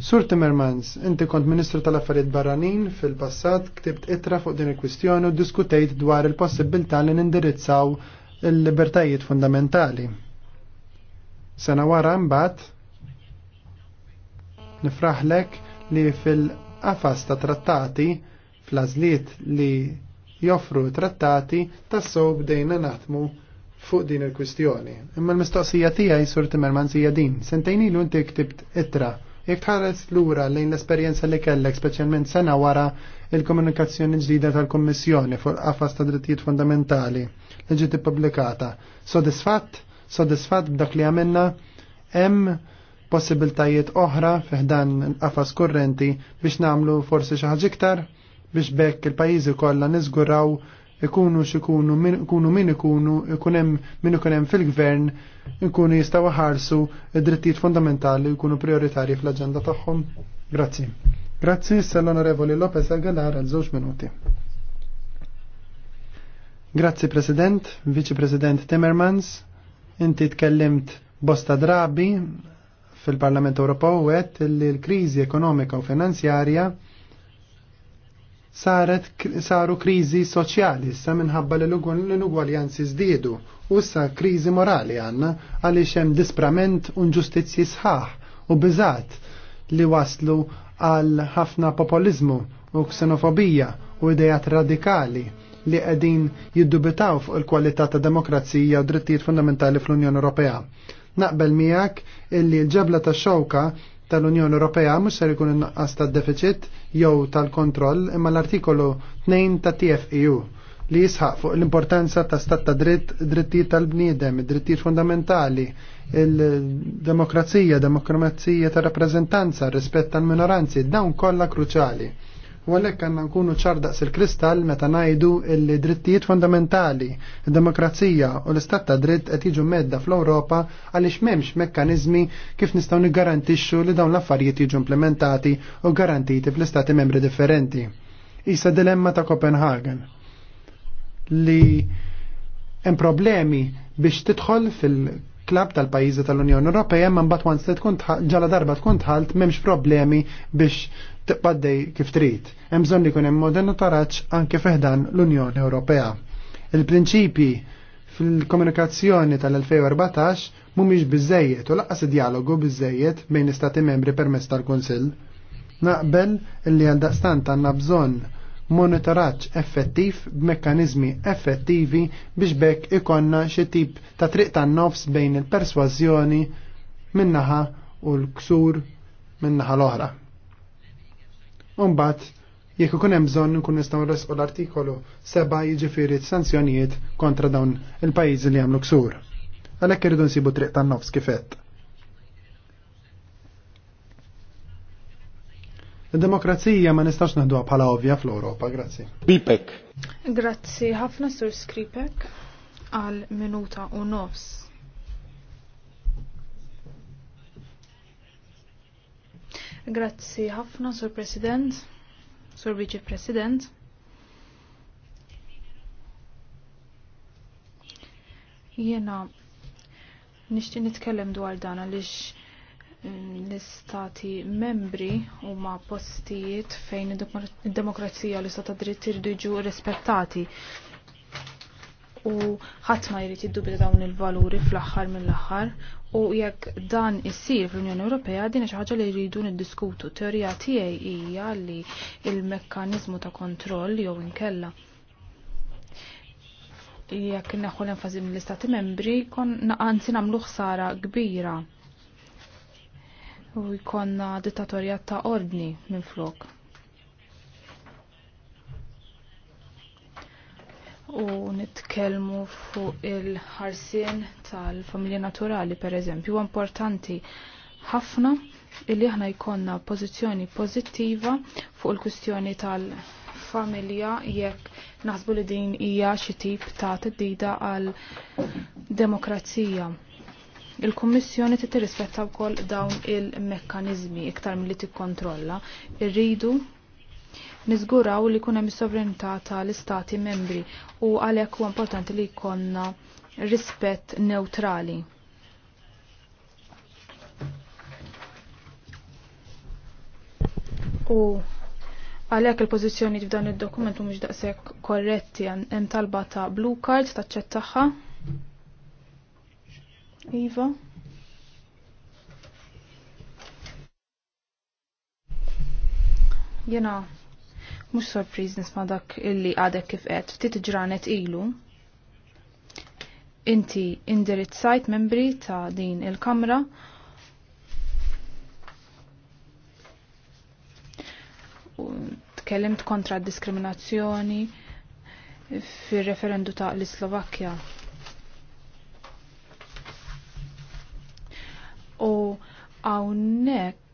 Sur Timmermans, inti kont Ministru tal-Affarijiet Barranin fil-passat ktibt itra fuq din il-kwistjoni u diskutejt dwar il-possibilità li nindirizzaw il-libertajiet fundamentali. Sena wara mbagħad nifraħlek li fil-qafas ta' trattati fl-azliet li joffru trattati tassew bdejna naħdmu fuq din il-kwistjoni. Imma l-mistoqsija tiegħi sur Timmermans hija din. Sentejnilu inti ktibt itra Jek tħares lura lejn l-esperjenza li kellek speċjalment sena wara il-komunikazzjoni ġdida tal-Kommissjoni fuq qafas ta' drittijiet fundamentali li ġiet ippubblikata. Sodisfatt, sodisfatt b'dak li għamilna, hemm possibiltajiet oħra fiħdan qafas kurrenti biex namlu forsi xi ħaġa iktar biex bekk il-pajjiżi kollha niżguraw ikunu xikunu, ikunu min ikunu, ikunem min ikunem fil-gvern, ikunu jistaw ħarsu id-drittijiet fundamentali ikunu prioritari fl-agenda tagħhom. Grazzi. Grazzi, sell-Onorevoli Lopez Aguilar għal żewġ minuti. Grazzi President, Vice President Timmermans, inti tkellimt bosta drabi fil-Parlament Ewropew għedt li l-kriżi ekonomika u finanzjarja saret saru kriżi soċjali sa minħabba li l-ugwaljanzi żdiedu u issa kriżi morali għandna għaliex hemm disprament u ġustizzji sħaħ u biżat li waslu għal ħafna populizmu u ksenofobija u idejat radikali li qegħdin jiddubitaw fuq il-kwalità ta' demokrazija u drittijiet fundamentali fl-Unjoni Ewropea. Naqbel miegħek illi l-ġebla ta' xewka tal-Unjoni Ewropea mhux ser ikun inqas tad-deficit jew tal-kontroll imma l-artikolu 2 ta' TFEU li jisħaq fuq l-importanza ta' stat ta' dritt, drittijiet tal-bniedem, drittijiet fundamentali, il-demokrazija, demokrazija ta' rappresentanza, rispett tal-minoranzi, dawn kollha kruċali. U għalek għandna nkunu ċardaqs il-kristall meta ngħidu li drittijiet fundamentali, id-demokrazija u l-istat ta' dritt qed jiġu medda fl-Ewropa għaliex m'hemmx mekkaniżmi kif nistgħu niggarantixxu li dawn l-affarijiet jiġu implementati u garantiti fl-istati membri differenti. Issa dilemma ta' Copenhagen li hemm problemi biex tidħol fil- klab tal-pajizi tal-Unjoni Ewropea imma mbagħad once tkun ġala darba tkun tħalt m'hemmx problemi biex tibqaddej kif trid. Hemm bżonn li jkun hemm modern taraġġ anke feħdan l-Unjoni Ewropea. Il-prinċipji fil-komunikazzjoni tal-2014 mhumiex biżejjed u laqqas dialogu biżejjed bejn istati membri permezz tal-Kunsill. Naqbel li għal daqstant għandna bżonn monitoraġġ effettiv b'mekkaniżmi effettivi biex bekk ikonna xi tip ta' triq tan-nofs bejn il-persważjoni minnaħa u l-ksur minnaħa l-oħra. Umbat, jekk ikun hemm bżonn nkun nistgħu nresqu l-artikolu seba' jiġifieri sanzjonijiet kontra dawn il-pajjiżi li għamlu ksur. Għalhekk irridu nsibu triq tan-nofs kifett. il demokrazija ma nistax naħduha bħala ovvja fl-Ewropa, grazzi. Skripek. Grazzi ħafna sur Skripek għal minuta u nofs. Grazzi ħafna, Sur President, Sur Vice President. Jena, nishti nitkellem dwar dan għalix eh, l-istati membri u ma postijiet fejn id-demokrazija l istata ta' dritt irridu jiġu rispettati. U ħadd ma jrid jiddubita dawn il-valuri fl-aħħar mill-aħħar U jekk dan issir fl-Unjoni Ewropea din xi ħaġa li jridu niddiskutu. Teorija tiegħi hija li il-mekkaniżmu ta' kontroll jew inkella jekk neħu l-enfasi mill-istati membri, kon anzi nagħmlu ħsara kbira. U jkonna dittatorja ta' ordni minn flok. u nitkellmu fuq il-ħarsien tal-familja naturali per eżempju. Importanti ħafna illi aħna jkonna pożizzjoni pożittiva fuq il-kustjoni tal-familja jekk naħsbu li din hija xi tip ta' tiddida għal demokrazija. Il-Kummissjoni trid tirrispetta wkoll dawn il-mekkaniżmi iktar milli tikkontrolla. Irridu niżguraw li kunem is-sovranità tal-istati membri u għalhekk huwa importanti li jkollna rispett neutrali. U għalhekk il-pożizzjoni f'dan id-dokument mux daqshekk korretti hemm talba ta' blue card ta' taċċettaħħa. Iva. Jena mux sorpriz nisma dak illi għadek kif għed ftit ġranet ilu. Inti indirizzajt membri ta' din il-kamra tkellimt kontra diskriminazzjoni fir-referendu ta' l-Slovakkja. U hawnhekk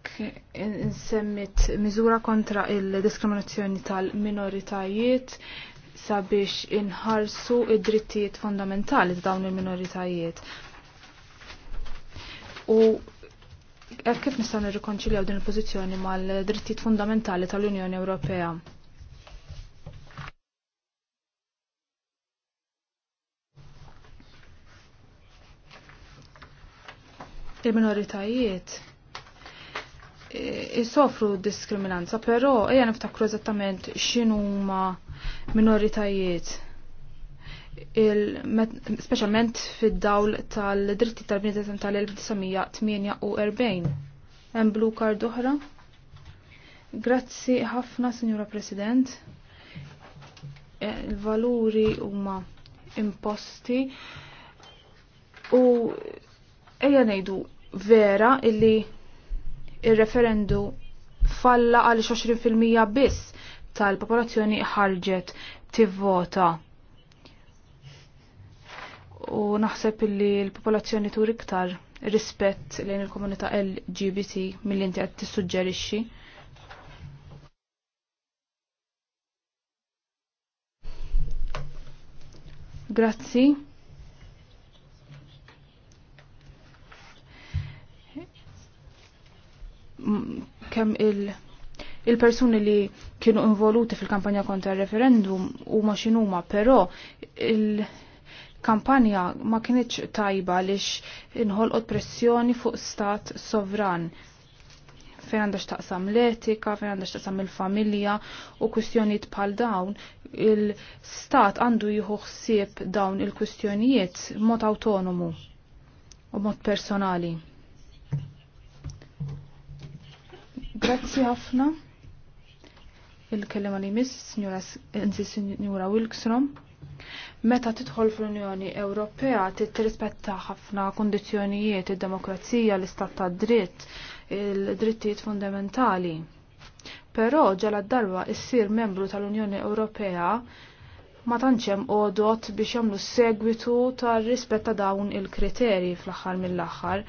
insemmit miżura kontra il-diskriminazzjoni tal-minoritajiet sabiex inħarsu id-drittijiet fondamentali ta' dawn il-minoritajiet. U hekk kif nistgħu nirrikonċiljaw din il-pożizzjoni mal-drittijiet fundamentali tal-Unjoni Ewropea. Il-minoritajiet jisofru eh, diskriminanza, però ejja niftakru eżattament x'inhuma minoritajiet specialment fid-dawl tal-dritti tal-bnidem tal-1948. Hemm blu kard oħra. Grazzi ħafna, Signora President. Eh, il-valuri huma imposti u ejja ngħidu vera illi ir-referendu falla għal 20% biss tal-popolazzjoni ħarġet tivvota. U naħseb li l-popolazzjoni tur iktar rispett lejn il-komunità LGBT mill-inti qed tissuġġerixxi. Grazzi. kemm il- il-persuni li kienu involuti fil-kampanja kontra referendum u ma xinuma, pero il-kampanja ma kienieċ tajba lix inħolqot pressjoni fuq stat sovran fejn għandax taqsam l-etika, fejn għandax taqsam il-familja u kustjonijiet bħal dawn, il-stat għandu jieħu ħsieb dawn il-kustjonijiet mod autonomu u mod personali. Grazzi ħafna. Il-kellima li miss, signora Wilkstrom. Meta tidħol fl-Unjoni Ewropea tirrispetta ħafna kondizjonijiet id-demokrazija, l-istat ta' dritt, il-drittijiet fundamentali. Però ġala darba issir membru tal-Unjoni Ewropea ma tantx hemm għodot biex jagħmlu segwitu tar-rispetta dawn il-kriterji fl-aħħar mill-aħħar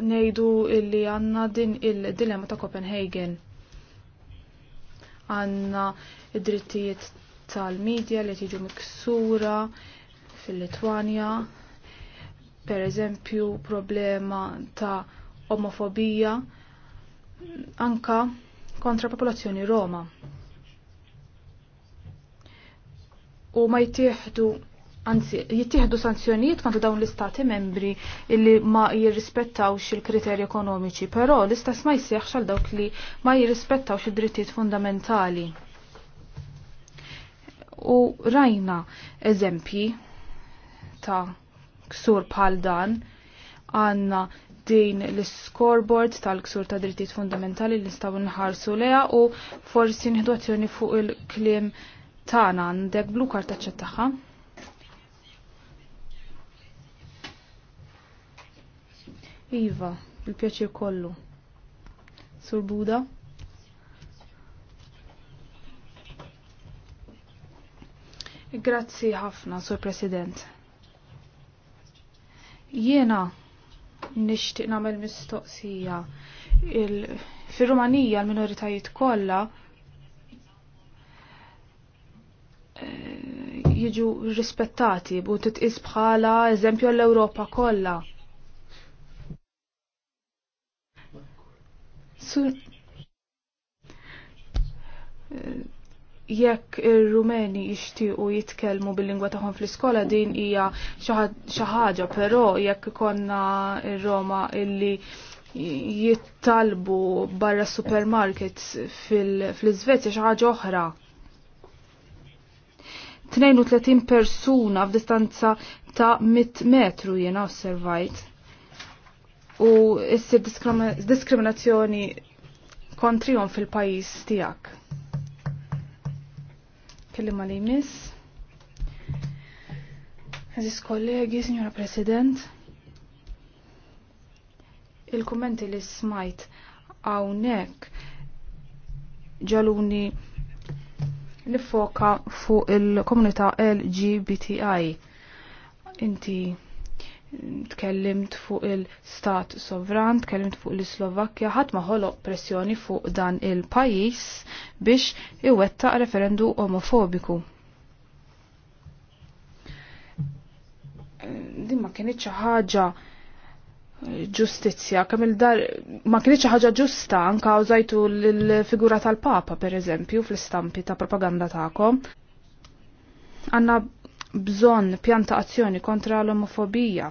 nejdu illi għanna din il-dilemma ta' Copenhagen. Għanna id-drittijiet tal-medja li tiġu miksura fil-Litwanja, per eżempju problema ta' omofobija, anka kontra popolazzjoni Roma. U ma jtieħdu anzi jittieħdu sanzjonijiet kontra dawn l-istati membri illi ma jirrispettawx il-kriterji ekonomiċi, però l-istess ma jsejħx għal dawk li ma jirrispettawx id-drittijiet fundamentali. U rajna eżempji ta' ksur bħal dan għanna din l-scoreboard tal-ksur ta' drittijiet fundamentali li nistaw nħarsu leha u forsi nħidwazzjoni fuq il-klim tana għandek blu karta taħħa. Iva, il-pjaċir kollu. Sur Buda. Grazzi ħafna, Sur President. Jiena nixtieq nagħmel mistoqsija. Fir-Rumanija l-minoritajiet kollha eh, jiġu rispettati bu titqis bħala eżempju l-Ewropa kollha. jekk ir-Rumeni jixtiequ jitkellmu bil-lingwa tagħhom fl-iskola din hija xi ħaġa, però jekk ikonna ir-Roma illi jittalbu barra supermarkets fl-Iżvezja xi ħaġa oħra. 32 persuna f'distanza ta' 100 metru jiena osservajt u issir diskriminazzjoni kontrihom fil-pajjiż tiegħek. Kellim li jmiss. Aziz kollegi, Signora President, il-kommenti li smajt hawnhekk ġaluni foka fuq il-komunità LGBTI. Inti tkellimt fuq il-stat sovran, tkellimt fuq l-Slovakkja, ħadd ma ħoloq pressjoni fuq dan il-pajjiż biex iwettaq referendu omofobiku. Din ma kienitx xi ħaġa ġustizzja, kemm il-dar ma kienitx xi ħaġa ġusta anka użajtu l-figura tal-Papa pereżempju fl-istampi ta' propaganda tagħkom. Għandna bżonn pjanta azzjoni kontra l-omofobija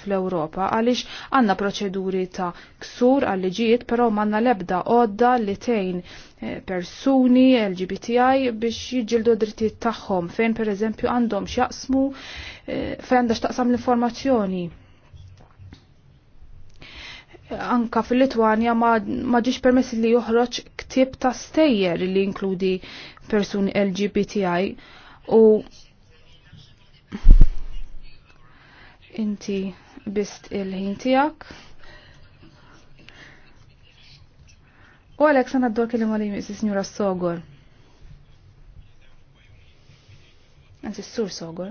fl-Ewropa għaliex għandna proċeduri ta' ksur għal liġijiet però m'għandna lebda għodda li tejn eh, persuni LGBTI biex jiġildu drittijiet tagħhom fejn pereżempju għandhom x'jaqsmu eh, fejn għandha x'taqsam l-informazzjoni. Anka fil-Litwanja ma ġiex permessi li joħroġ ktib ta' stejjer li inkludi persuni LGBTI u Inti bist il-ħin tijak. U għalek d-dor kelli ma li s-njura s-sogur. Anzi, s-sur Sogur.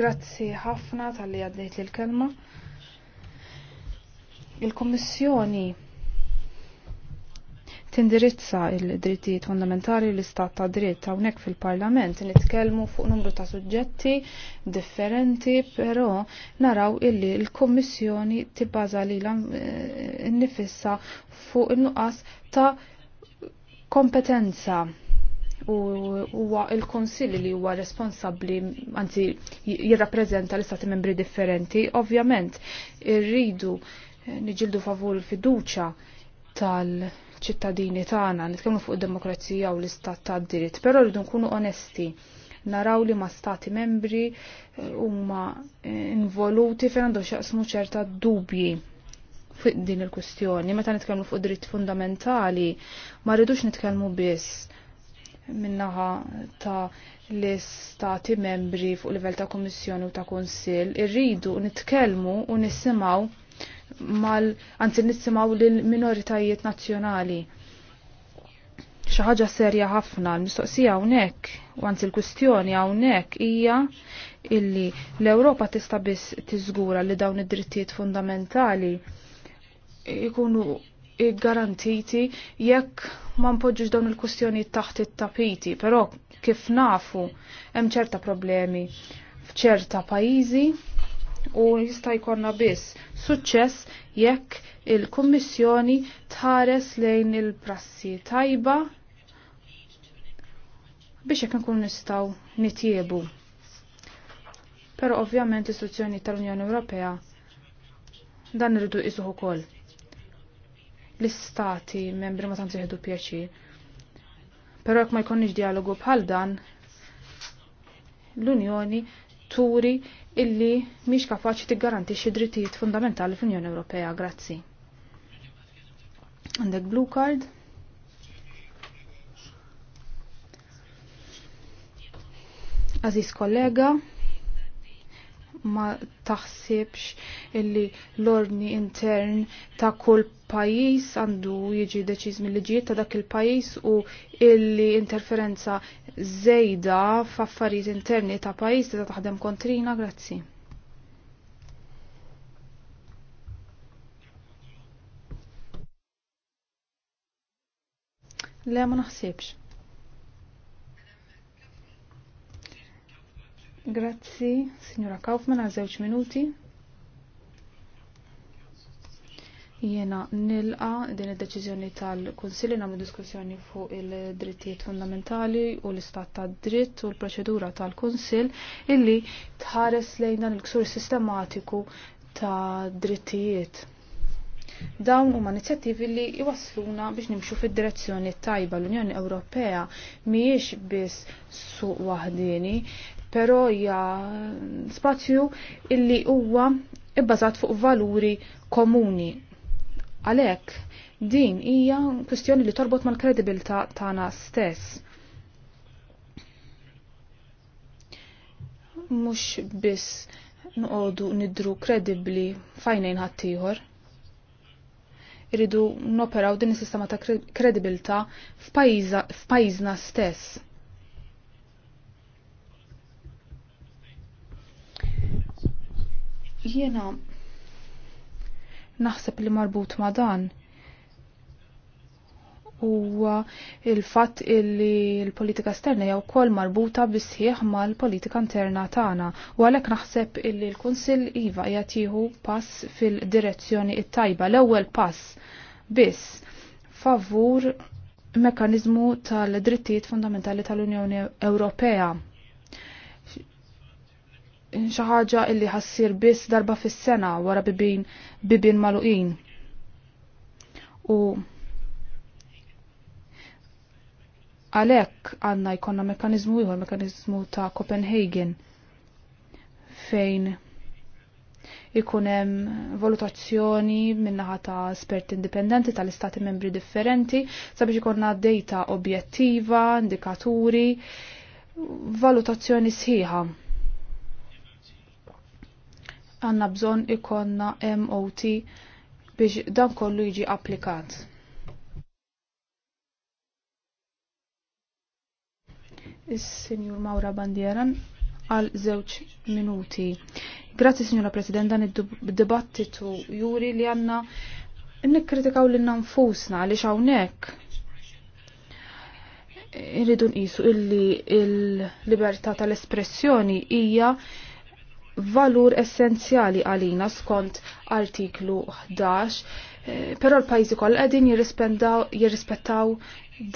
Grazzi ħafna tal-li għaddejt l-kelma. Il-Kommissjoni tindirizza il-drittijiet fundamentali l-istat ta' dritt hawnhekk fil-Parlament nitkellmu fuq numru ta' suġġetti differenti, però naraw illi l-Kummissjoni tibbaża lilha eh, nifissa fuq in-nuqqas ta' kompetenza u huwa il-Konsilli li huwa responsabbli anzi jirrappreżenta l-istati membri differenti, ovvjament irridu eh, niġildu favur fiduċa tal- ċittadini tagħna, nitkellmu fuq id-demokrazija u l-istat tad dritt, però rridu nkunu onesti naraw li ma stati membri eh, huma eh, involuti fejn għandhom xaqsmu ċerta dubji fuq din il-kustjoni. Meta nitkellmu fuq dritt fundamentali, ma rridux nitkellmu biss minnaħa ta' l-istati membri fuq livell ta' Kummissjoni u ta' Kunsill, irridu nitkellmu u nisimgħu mal anzi nisimgħu lil minoritajiet nazzjonali. Xi ħaġa serja ħafna l-mistoqsija hawnhekk u anzi l-kwistjoni hawnhekk hija illi l-Ewropa tista' biss tiżgura li dawn id-drittijiet fundamentali ikunu garantiti jekk ma npoġġux dawn il-kwistjoni taħt it-tapiti, però kif nafu hemm ċerta problemi f'ċerta pajjiżi u jista' jkollna biss suċċess jekk il-Kummissjoni tħares lejn il-prassi tajba biex jekk nkun nistgħu nitjiebu. Però ovvjament l-istituzzjoni tal-Unjoni Ewropea dan irridu jisuh ukoll. L-istati membri ma tant jieħdu pjaċir. Però jekk ma jkollniex dialogu bħal dan, l-Unjoni turi illi mhix kapaċi garanti drittijiet fundamentali fl-Unjoni Ewropea. Grazzi. Għandek blue card? Aziz kollega, ma taħsibx illi l-ordni intern ta' kull pajis għandu jiġi deċiż mill-liġijiet ta' dak il-pajis u illi interferenza zejda f'affarijiet interni ta' pajis ta' taħdem kontrina, grazzi. Le ma naħsibx. Grazzi, signora Kaufman, għal żewġ minuti. Jena nilqa din id-deċiżjoni tal-Kunsilli nagħmlu diskussjoni fuq il-drittijiet fundamentali u l-istat tad dritt u l-proċedura tal-Kunsill illi tħares lejn dan il-ksur sistematiku ta' drittijiet. Dawn huma inizjattivi li jwassluna biex nimxu fid-direzzjoni tajba l-Unjoni Ewropea mhijiex biss suq waħdini però hija spazju illi huwa ibbażat fuq valuri komuni. Għalhekk din hija kwestjoni li torbot mal-kredibilità tagħna stess. Mhux biss noqogħdu nidru kredibbli fajnejn ħaddieħor Iridu noperaw din is-sistema ta' kredibilità f'pajjiżna stess. Jiena naħseb li marbut ma' dan huwa il-fatt illi l-politika esterna jew kol marbuta bisħieħ mal-politika interna tagħna u għalhekk naħseb illi l-Kunsill iva qiegħed jieħu pass fil-direzzjoni it-tajba l-ewwel pass biss favur mekkaniżmu tal-drittijiet fundamentali tal-Unjoni Ewropea xaħġa ħaġa illi ħassir biss darba fis-sena wara bibin bibin maluqin. U għalhekk għandna jkollna mekkaniżmu ieħor, mekanizmu ta' Copenhagen fejn ikun hemm valutazzjoni minnaħa ta' esperti indipendenti tal-istati membri differenti sabiex ikonna data objettiva, indikaturi, valutazzjoni sħiħa għanna bżon ikonna MOT biex dan kollu jiġi applikat. Is-Sinjur Maura Bandieran għal żewġ minuti. Grazzi, Sinjura President, dan id-dibattitu juri li għanna nikkritikaw l nfusna li hawnhekk irridu nqisu illi il-libertà tal-espressjoni hija il valur essenzjali għalina skont artiklu 11, eh, però l-pajzi koll qegħdin jirrispettaw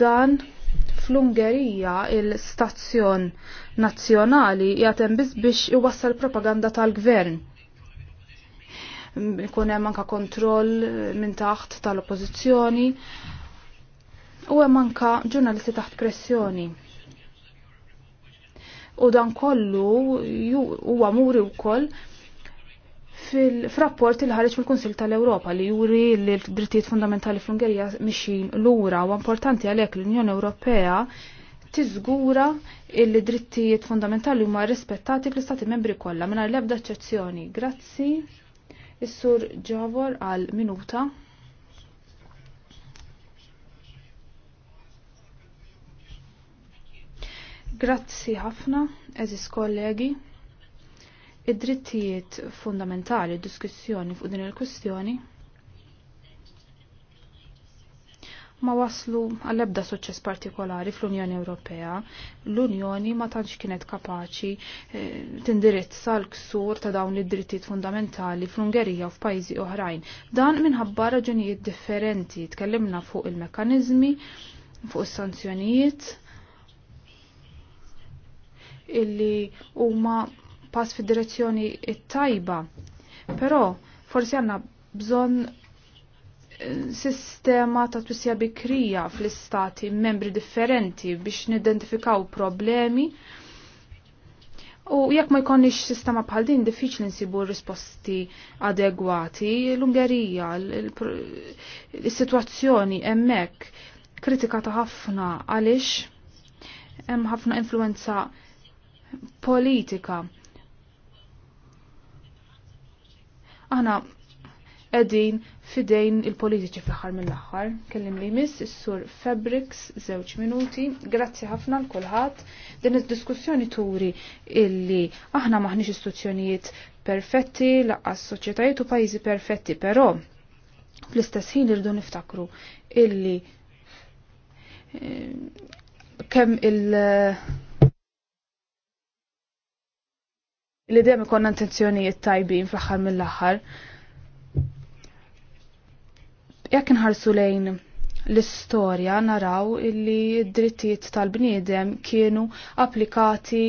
dan fl-Ungerija il-stazzjon nazzjonali jagħtem biss biex iwassal propaganda tal-gvern. Kun hemm anke kontroll minn taħt tal-oppożizzjoni u hemm anka ġurnalisti taħt pressjoni u dan kollu huwa muri wkoll fil-rapport il ħareġ mill-Kunsil tal europa li juri li l-drittijiet fundamentali fl-Ungerija mixin lura u importanti għalhekk l-Unjoni Ewropea tiżgura li drittijiet fundamentali huma rispettati fl-Istati membri kollha mingħajr l-ebda eċċezzjoni. Grazzi. Is-sur Ġavor għal minuta. Grazzi ħafna, eżis kollegi. Id-drittijiet fundamentali, diskussjoni fuq din il-kwestjoni, ma waslu għall-ebda suċċess partikolari fl-Unjoni Ewropea. L-Unjoni ma tantx kienet kapaċi e, tindirizza l-ksur ta' dawn id-drittijiet fundamentali fl-Ungerija u f'pajjiżi oħrajn. Dan minħabba raġunijiet differenti tkellimna fuq il-mekkaniżmi, fuq is-sanzjonijiet, illi huma pass fid direzzjoni tajba. Però forsi għanna bżon eh, sistema ta' twissija bikrija fl-istati membri differenti biex nidentifikaw problemi U jekk ma jkonniex sistema bħal din diffiċli nsibu risposti adegwati, l-Ungerija, l-situazzjoni hemmhekk kritika ta' ħafna għalix, hemm ħafna influenza politika. Aħna edin fidejn il-politiċi fl-axar mill-axar. Kellim li mis, is-sur Fabrics żewġ minuti. Grazzi ħafna l kulħadd Din id-diskussjoni turi illi aħna maħniex istituzzjonijiet perfetti, laqqas soċjetajiet u pajjiżi perfetti, però fl-istess ħin irdu niftakru illi eh, kemm il- li dem ikonna intenzjonijiet tajbin fl-aħħar mill-aħħar. Jekk inħarsu lejn l-istorja naraw illi d-drittijiet tal-bniedem kienu applikati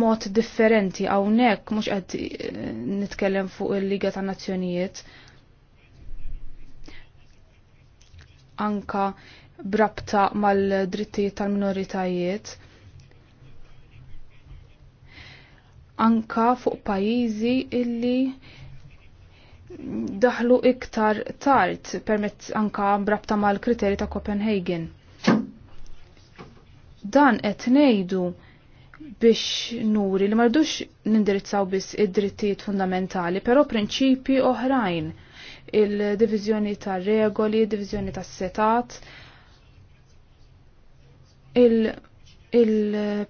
mod differenti hawnhekk mhux qed eh, nitkellem fuq il-Liga tan-Nazzjonijiet. Anka brabta mal-drittijiet tal-minoritajiet anka fuq pajjiżi illi daħlu iktar tard permezz anka brabta mal-kriteri ta' Copenhagen. Dan qed ngħidu biex nuri li mardux nindirizzaw biss id-drittijiet fundamentali, però prinċipi oħrajn il-divizjoni ta' regoli, divizjoni ta' setat, il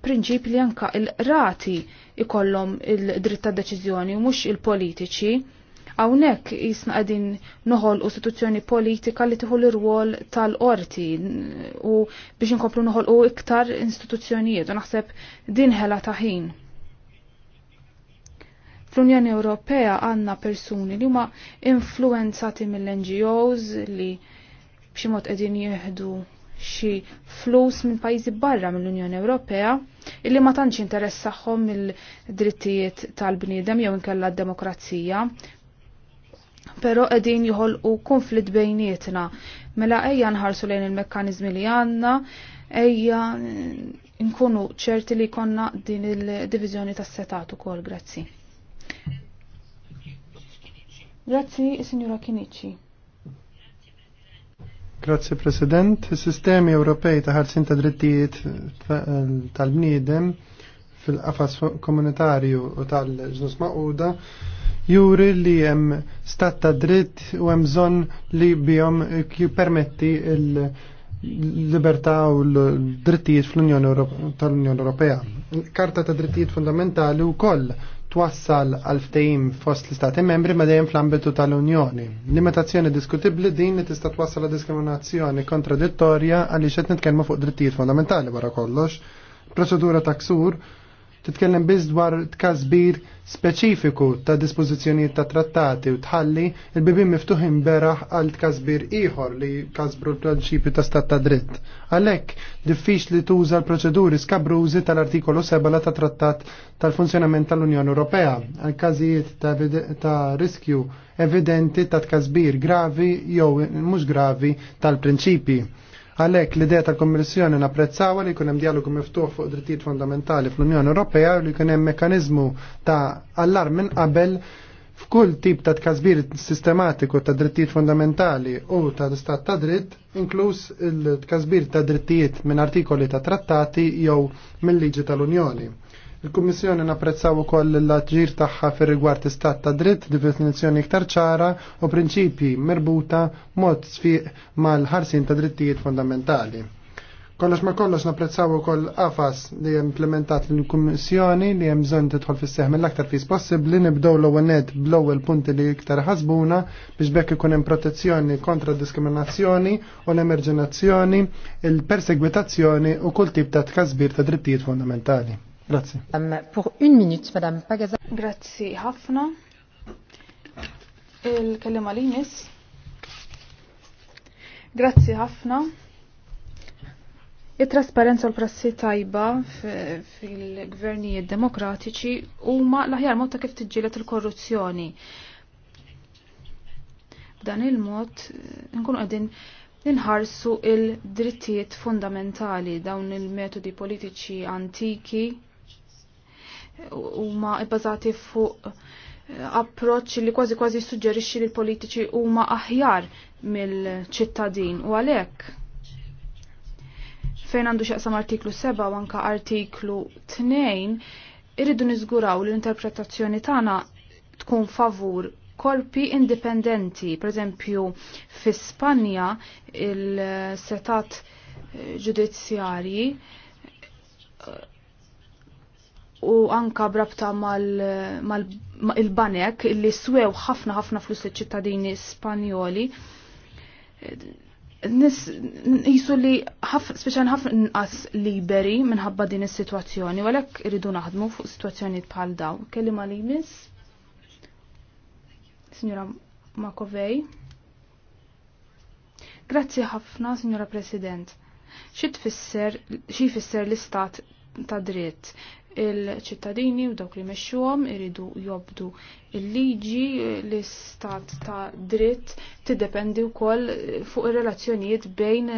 prinċipi il li anka il-rati ikollhom il-dritt ta' deċiżjoni u mhux il-politiċi. Hawnhekk jisna qegħdin noħol istituzzjoni politika li tieħu l-irwol tal-qorti u biex inkomplu noħolqu iktar istituzzjonijiet u naħseb din ħela ta' ħin. Fl-Unjoni Ewropea għandna persuni li huma influenzati mill-NGOs li b'xi mod qegħdin jieħdu xi flus minn pajjiżi barra mill-Unjoni Ewropea illi ma tantx interessahom il-drittijiet tal-bniedem jew inkella d-demokrazija. Però qegħdin joħolqu konflitt bejnietna. Mela ejja nħarsu lejn il-mekkaniżmi li għandna, ejja nkunu ċerti li konna din il-diviżjoni tas-setat ukoll, grazzi. Grazzi, signora Kinici. Grazzi President. Sistemi Ewropej ta' ħarsin ta' drittijiet tal-bniedem fil-qafas komunitarju u tal-ġnus maquda juri li hemm stat ta' dritt u hemm bżonn li bihom jippermetti il- libertà u l-drittijiet fl-Unjoni tal-Unjoni Ewropea. Karta ta' drittijiet fundamentali u koll twassal għal ftehim fost l-Istati membri ma dejjem fl-ambitu tal-Unjoni. Limitazzjoni diskutibbli din li tista' twassal la diskriminazzjoni kontradittorja għaliex qed nitkellmu fuq drittijiet fondamentali wara kollox. Proċedura ta' ksur titkellem biss dwar tkazbir speċifiku ta' dispożizzjonijiet ta' trattati u tħalli il-bibin miftuħin beraħ għal tkazbir ieħor li kasbru l-prinċipju ta' stat ta' dritt. Għalhekk diffiċ li tuża l-proċeduri skabrużi tal-artikolu 7 ta' trattat tal-funzjonament tal-Unjoni Ewropea għal każijiet ta', ta riskju evidenti ta' tkazbir gravi jew mhux gravi tal-prinċipji Għalhekk l-idea tal-Kommissjoni napprezzawa li jkun hemm dialogu miftuħ fuq drittijiet fondamentali fl-Unjoni Ewropea u li jkun hemm mekkaniżmu ta' allarm minn qabel f'kull tip ta' tkazbir sistematiku ta' drittijiet fundamentali u ta' istat ta' dritt, inkluż il-tkasbir ta' drittijiet minn artikoli ta' trattati jew mill-liġi tal-Unjoni. Il-Kummissjoni napprezzaw ukoll l aġġir tagħha fir-rigward istat ta' dritt, definizzjoni iktar ċara u prinċipji merbuta mod sfiq mal-ħarsin ta' drittijiet fondamentali. Kollox ma kollox napprezzaw ukoll qafas li implementat il kummissjoni li hemm bżonn tidħol fis-seħħ mill-aktar fis possibbli nibdew l-ewwel ned bl-ewwel punti li iktar ħasbuna biex bekk ikun hemm protezzjoni kontra diskriminazzjoni u l-emerġinazzjoni, il-persegwitazzjoni u kull tip ta' tkasbir ta' drittijiet fundamentali. Grazzi. Pour Madame Grazzi ħafna. Il-kellima li Grazzi ħafna. Il-trasparenza u l-prassi tajba fil-gvernijiet demokratiċi huma l-aħjar mod ta' kif tiġġieled il-korruzzjoni. B'dan il-mod eh, nkunu qegħdin inħarsu il-drittijiet fundamentali dawn il-metodi politiċi antiki huma bbażati fuq eh, approċċ li kważi kważi suġġerixxi li l-politiċi huma aħjar mill-ċittadin u għalhekk fejn għandu xaqsam artiklu 7 u anka artiklu 2 irridu niżguraw l-interpretazzjoni tagħna tkun favur korpi indipendenti, per eżempju fi Spanja il-setat eh, ġudizzjarji u anka brabta mal-banek mal, li swew ħafna ħafna flus ċittadini spanjoli. Nis jisu li speċan ħafna nqas liberi minħabba din is-sitwazzjoni, għalhekk irridu naħdmu fuq sitwazzjonijiet bħal daw. Kellima li miss? Signora Makovej. Grazzi ħafna, Signora President. Xi tfisser xi jfisser l-istat ta' dritt il-ċittadini u dawk li meċxuħom iridu jobdu il-liġi l-istat ta' dritt tiddependi wkoll fuq ir-relazzjonijiet bejn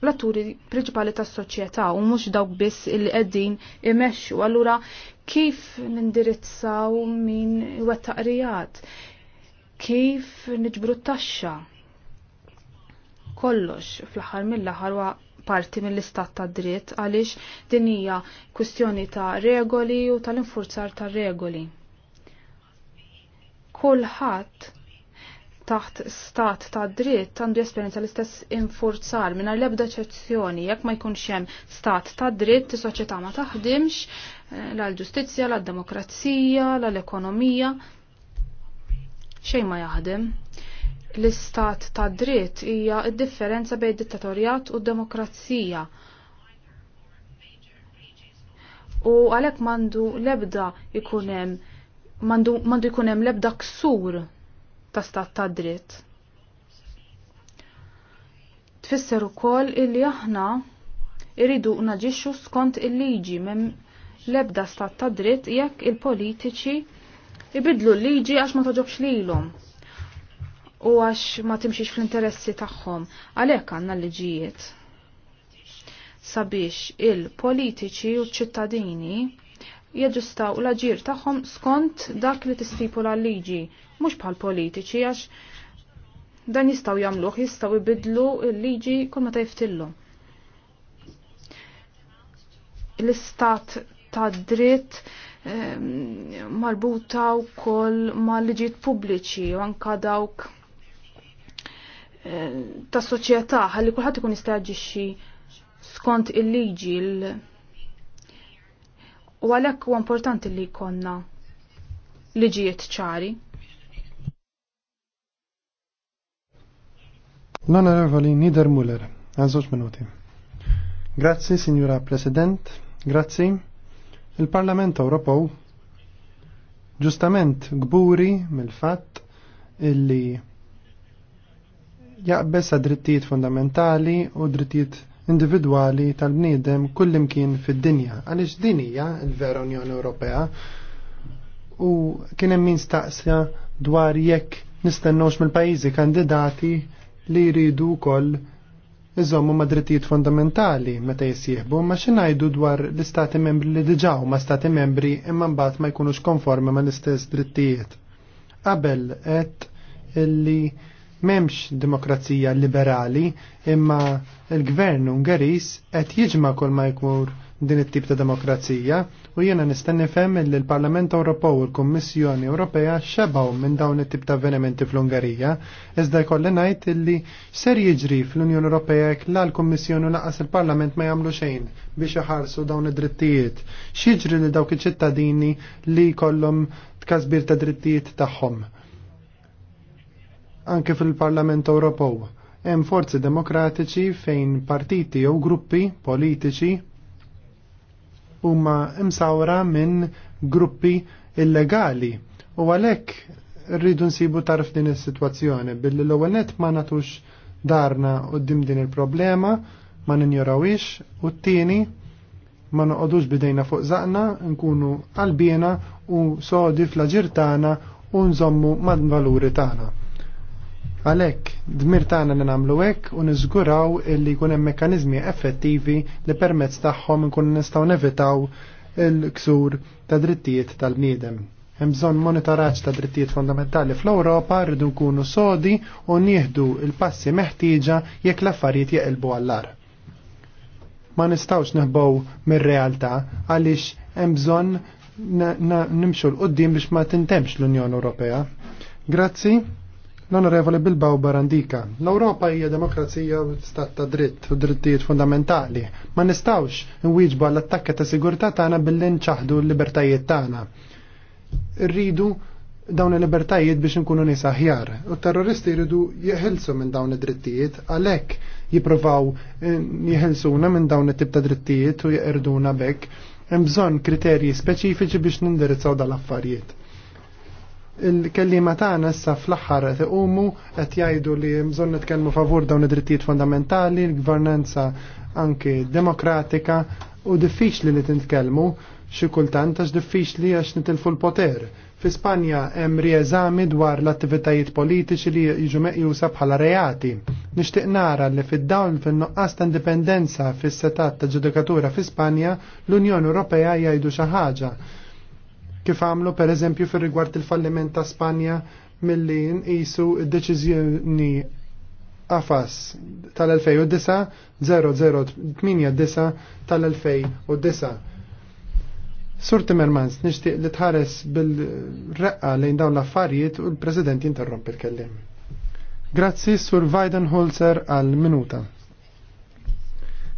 l-atturi prinċipali tas-soċjetà u mhux dawk biss li qegħdin imexxu. Allura kif nindirizzaw min iwettaq Kif niġbru t-taxxa? Kollox fl-aħħar mill wa parti mill-istat ta' dritt għaliex din hija kwistjoni ta' regoli u tal-infurzar ta' regoli. Kulħadd taħt stat ta' dritt għandu esperjenza l-istess infurzar minn l-ebda ċezzjoni jekk ma jkunx hemm stat ta' dritt is-soċjetà ma taħdimx eh, l-ġustizzja, l-demokrazija, l-ekonomija xejn ma jaħdem l-istat ta' dritt hija d-differenza bejn dittatorjat u demokrazija. U għalhekk mandu lebda ikun hemm mandu, mandu ikun hemm lebda ksur ta' stat ta' dritt. Tfisser ukoll illi aħna irridu naġixxu skont il-liġi m'hemm lebda stat ta' dritt jekk il-politiċi ibidlu l-liġi għax ma toġobx lilhom u għax ma timxiex fl-interessi tagħhom. Għalhekk għandna liġijiet sabiex il-politiċi u ċittadini jeġustaw l-aġir tagħhom skont dak li tistipula l-liġi, mhux bħal politiċi għax dan jistgħu jagħmluh, jistgħu jbidlu l-liġi kull meta jiftillu. L-istat ta' dritt ehm, marbuta wkoll mal liġijiet pubbliċi u anka dawk ta' soċjetà ħalli kulħadd ikun jistaġixxi skont il-liġi u għalhekk huwa importanti li jkollna liġijiet ċari. L-Onorevoli Nider Muller, għazoċ minuti. Grazzi, Signora President, grazzi. Il-Parlament Ewropew ġustament gburi mill-fatt illi jaqbes sa' drittijiet fundamentali u drittijiet individwali tal-bniedem kullimkien fid-dinja. Għaliex din hija l-vera Unjoni Ewropea u kien hemm min staqsja dwar jekk nistennewx mill-pajjiżi kandidati li jridu wkoll iżommu ma' drittijiet fundamentali meta jisieħbu ma xinajdu dwar l-istati membri li diġaw ma' stati membri imma mbagħad ma jkunux konformi ma' l-istess drittijiet. Qabel qed illi Memx demokrazija liberali imma il-gvern Ungaris qed jiġma kol ma jkun din it-tip ta' demokrazija u jiena nista' nifhem li l-Parlament Ewropew u l-Kummissjoni Ewropea xebgħu minn dawn it-tip ta' avvenimenti fl-Ungerija, iżda jkolli ngħid illi ser jiġri fl-Unjoni Ewropea jekk la l-Kummissjoni u laqas il-Parlament ma jagħmlu xejn biex iħarsu dawn id-drittijiet. X'jiġri li dawk iċ-ċittadini li jkollhom tkasbir ta' drittijiet tagħhom anke fil-Parlament Ewropew. Hemm forzi demokratiċi fejn partiti jew gruppi politiċi huma msawra minn gruppi illegali u għalhekk rridu nsibu tarf din is-sitwazzjoni billi l-ewwel net ma nagħtux darna qudiem din il-problema ma ninjorawix u t-tieni ma noqodux bidejna fuq zaqna, nkunu qalbina u sodi fl-ġir tagħna u nżommu mad-valuri tagħna. Għalek, dmir tagħna li nagħmlu hekk u niżguraw illi jkun hemm mekkaniżmi effettivi li permezz tagħhom nkun nistgħu nevitaw il-ksur ta' drittijiet tal-bniedem. Hemm bżonn monitoraġġ ta' drittijiet fondamentali fl-Ewropa rridu nkunu sodi u nieħdu l-passi meħtieġa jekk l-affarijiet jeqilbu għall-ar. Ma nistgħux neħbow mir-realtà għaliex hemm bżonn nimxu l-qoddim biex ma tintemx l-Unjoni Ewropea. Grazzi. L-Onorevoli Bilbao Barandika, l-Europa hija demokrazija u stat ta' dritt u drittijiet fundamentali. Ma nistawx nwieġbu għall-attakka ta' sigurtà tagħna billi nċaħdu l-libertajiet tagħna. Rridu dawn il-libertajiet biex nkunu nies aħjar. U terroristi jridu jeħilsu minn dawn id-drittijiet għalhekk jippruvaw eh, jeħilsuna minn dawn it-tip ta' drittijiet u jeqirduna bekk. Hemm bżonn kriterji speċifiċi biex nindirizzaw dal-affarijiet il-kellima tagħna issa fl-aħħar qed iqumu qed jgħidu li bżonn nitkellmu favur dawn id-drittijiet fundamentali, l-gvernanza anke demokratika u diffiċli li tintkellmu xi kultant għax diffiċli għax nitilfu l-poter. Fi Spanja hemm rieżami dwar l-attivitajiet politiċi li jiġu meqjusa bħala reati. Nixtieq nara li fid dawl fin-nuqqas ta' indipendenza fis-setat ta' ġudikatura fi Spanja l-Unjoni Ewropea jgħidu xi ħaġa kif għamlu per eżempju fir rigward il-falliment ta' Spanja milli nqisu d-deċiżjoni AFAS tal-2009 0089 tal-2009. Sur Timmermans, nixtieq li tħares bil-reqqa lejn dawn l-affarijiet u l-President jinterromp il-kellim. Grazzi Sur Weidenholzer għal-minuta.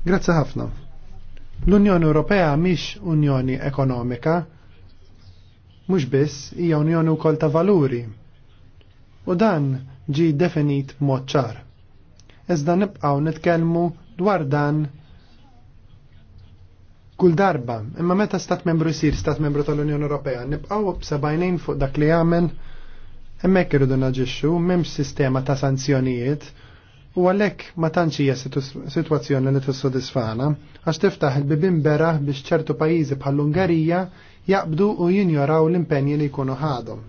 Grazzi ħafna. L-Unjoni Ewropea mhix Unjoni Ekonomika, Mhux biss hija unjoni wkoll ta' valuri. U dan ġi definit b'mod ċar. Iżda nibqgħu nitkellmu dwar dan kull darba, imma meta stat membru jsir stat membru tal-Unjoni Ewropea, nibqgħu b'sebajnejn fuq dak li jagħmel hemmhekk irridu naġixxu m'hemmx sistema ta' sanzjonijiet u għalhekk ma tantx hija sitwazzjoni li tissodisfana għax tiftaħ il-bibin beraħ biex ċertu pajjiżi bħall-Ungarija jaqbdu u jinjoraw l-impenji li jkunu ħadhom.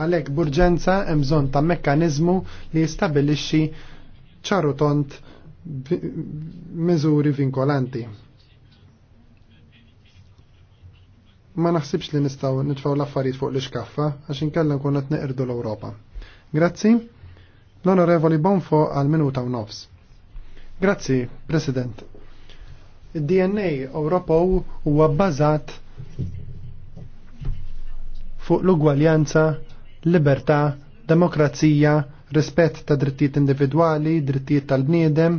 Għalhekk burġenza hemm bżonn ta' mekkaniżmu li jistabilixxi ċaru tont miżuri vinkolanti. Ma naħsibx li nistgħu nitfgħu l-affarijiet fuq l-iskaffa għax inkella nkun qed neqirdu l-Ewropa. Grazzi. L-Onorevoli Bonfo għal minuta u nofs. Grazzi, President. Id-DNA Ewropew huwa bbażat fuq l-ugwaljanza, libertà, demokrazija, rispett ta' drittijiet individwali, drittijiet tal-bniedem,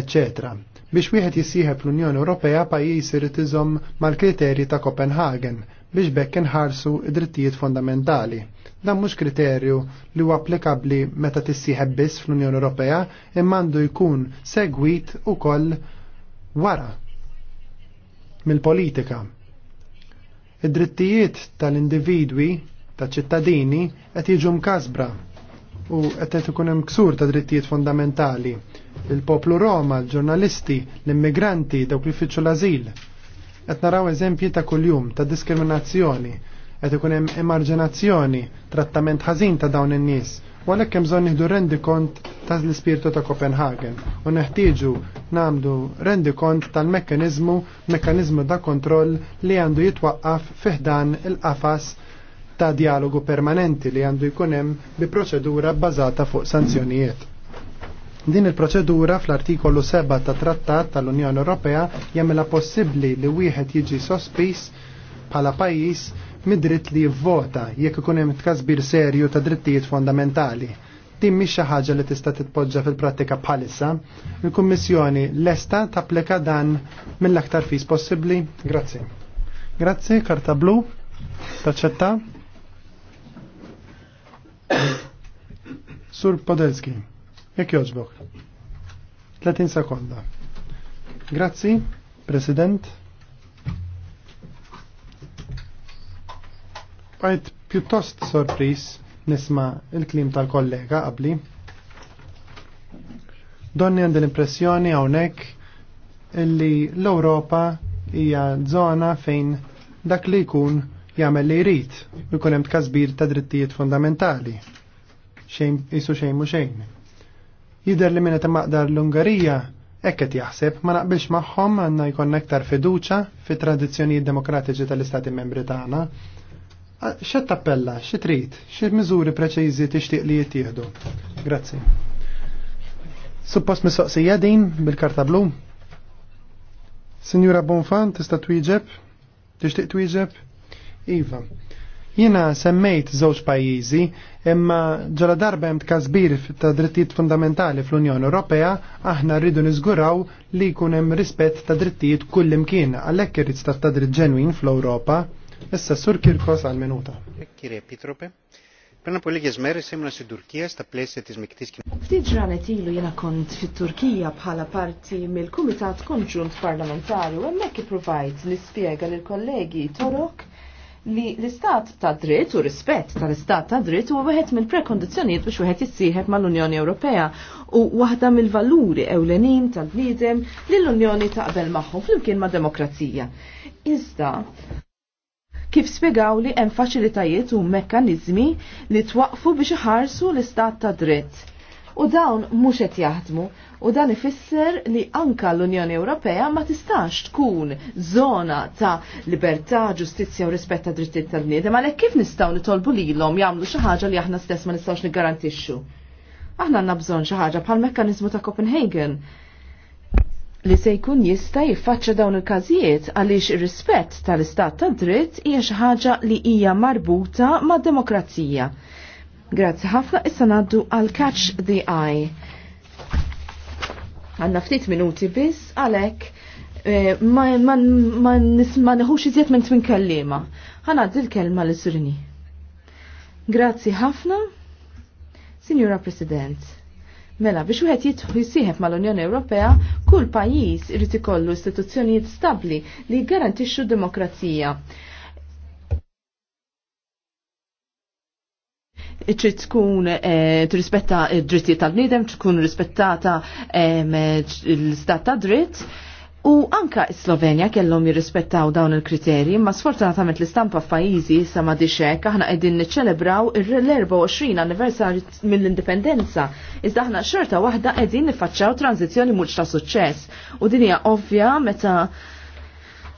etc. biex wieħed jissieħeb l-Unjoni Ewropea pajjiż irid iżomm mal-kriterji ta' Copenhagen biex bekk inħarsu id-drittijiet fondamentali. Dan mhux kriterju li huwa applikabbli meta tissieħeb biss fl-Unjoni Ewropea imma għandu jkun segwit ukoll wara mill-politika Id-drittijiet tal-individwi, ta' ċittadini qed jiġu mkasbra u qed ikun hemm ksur ta' drittijiet fondamentali. Il-poplu Roma, l-ġurnalisti, l-immigranti, dawk li fitxu l-azil. Qed naraw eżempji ta' kuljum ta' diskriminazzjoni qed ikun hemm emarġinazzjoni, trattament ħażin ta' dawn in-nies. U għalhekk hemm bżonn nieħdu rendi kont tal-ispirtu ta' Copenhagen u neħtieġu nagħmlu rendi kont tal-mekkaniżmu, mekkaniżmu ta' kontroll li għandu jitwaqqaf fiħdan il-qafas ta' dialogu permanenti li għandu jkun hemm bi proċedura bbażata fuq sanzjonijiet. Din il-proċedura fl-artikolu 7 ta' trattat tal-Unjoni Ewropea jagħmilha possibbli li wieħed jiġi sospis bħala pajjiż mid-dritt li jivvota jekk ikun hemm tkasbir serju ta' drittijiet fondamentali. Din mhix xi ħaġa li tista' titpoġġa fil-prattika bħalissa. Il-Kummissjoni lesta tapplika dan mill-aktar fis possibbli. Grazzi. Grazzi, karta blu. Taċċetta. Sur Podelski, jekk joġbok. 30 sekonda. Grazzi, President. bqajt pjuttost sorpris nisma' il-klim tal-kollega qabli. Donni għandi l-impressjoni hawnhekk illi l-Ewropa hija żona fejn dak li jkun jagħmel li jrid u jkun hemm tkażbir ta' drittijiet fundamentali. Xejn isu xejn mhu xejn. Jidher li minn qed maqdar l-Ungarija hekk qed jaħseb ma naqbilx magħhom għandna jkollna aktar fiduċa fit tradizzjonijiet demokratiċi tal-Istati Membri tagħna X'qed tappella, xi trid, xi miżuri preċiżi tixtieq li jittieħdu. Grazzi. Suppost mistoqsija din bil-karta blu. Sinjura Bonfan, tista' twieġeb? Tixtieq twieġeb? Iva. Jina semmejt żewġ pajjiżi, imma ġara darba hemm tkasbir ta' drittijiet fundamentali fl-Unjoni Ewropea, aħna rridu niżguraw li jkun hemm rispett ta' drittijiet kullimkien għalhekk irrid ta' dritt ġenwin fl-Ewropa Issa Sur Kirkos għal minuta. Kire Pitrope, Πριν από λίγε μέρε ήμουν Turkija sta στα πλαίσια τη μεικτή Ftit ġranet ilu jena kont fit-Turkija bħala parti mill-Kumitat Konġunt Parlamentari u hemmhekk ippruvajt nispjega lil kollegi Torok li l-istat ta' dritt u rispett tal-istat ta' dritt huwa wieħed mill-prekondizzjonijiet biex wieħed jissieħeb mal-Unjoni Ewropea u waħda mill-valuri ewlenin tal-bniedem li l-Unjoni taqbel magħhom flimkien ma' demokrazija. Iżda, kif spiegaw li hemm faċilitajiet u mekkaniżmi li twaqfu biex iħarsu l-istat ta' dritt. U dawn mhux qed jaħdmu u dan ifisser li anka l-Unjoni Ewropea ma tistax tkun zona ta' libertà, ġustizzja u rispett ta' drittijiet tal-bniedem għalhekk kif nistgħu nitolbu lilhom jagħmlu xi ħaġa li aħna stess ma nistgħux niggarantixxu. Aħna għandna bżonn xi ħaġa bħal mekkaniżmu ta' Copenhagen li se jkun jista' jiffaċċja dawn il-każijiet għaliex ir-rispett tal-istat ta' dritt hija xi ħaġa li hija marbuta mad demokrazija. Grazzi ħafna issa ngħaddu għal catch the eye. Għandna ftit minuti biss għalhekk eh, ma ma nħux iżjed minn tmin kellima. Ħanaddi l-kelma l sirini. Grazzi ħafna, Signora President. Mela, biex wieħed jitħisieħeb mal-Unjoni Ewropea, kull pajjiż irid ikollu istituzzjonijiet stabbli li garantixxu demokrazija. trid tkun eh, tirrispetta id drittijiet tal-bniedem, tkun rispettata ehm, l-istat ta' dritt, U anka Slovenja kellhom jirrispettaw dawn il-kriterji, ma sfortunatament l-istampa f'pajjiżi issa ma dixek aħna qegħdin niċċelebraw l-24 anniversarju mill-indipendenza. Iżda aħna xorta waħda qegħdin niffaċċaw tranzizzjoni mhux ta' suċċess. U din hija ovvja meta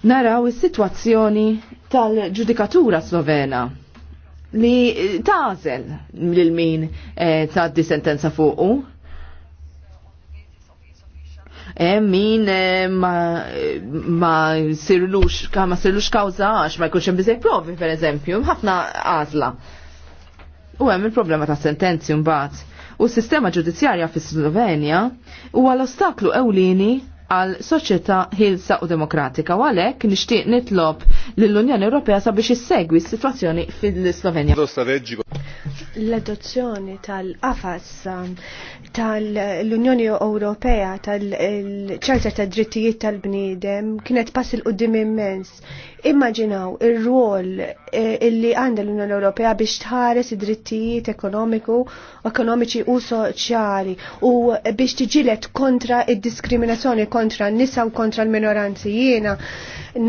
naraw is-sitwazzjoni tal-ġudikatura Slovena li tażel lil min eh, ta' di sentenza fuqu Eh, min eh, ma sirlux ma sirlux kawza għax ma jkunx hemm biżejjed provi eżempju ħafna għażla. U hemm il-problema ta' sentenzi mbagħad. U s-sistema ġudizzjarja fis slovenja huwa l-ostaklu ewlieni għal soċjetà ħilsa u demokratika u għalhekk nixtieq nitlob lill-Unjoni Ewropea sabiex issegwi s-sitwazzjoni fil-Slovenja. L-adozzjoni tal afas tal-Unjoni Ewropea tal-ċarta tad drittijiet tal-bniedem kienet pass il qudiem immens. Immaġinaw ir-rwol eh, illi għandha l-Unjoni Ewropea biex tħares id-drittijiet ekonomiku, ekonomiċi u soċjali u biex tiġilet kontra id-diskriminazzjoni kontra n-nisa u kontra l-minoranzi jiena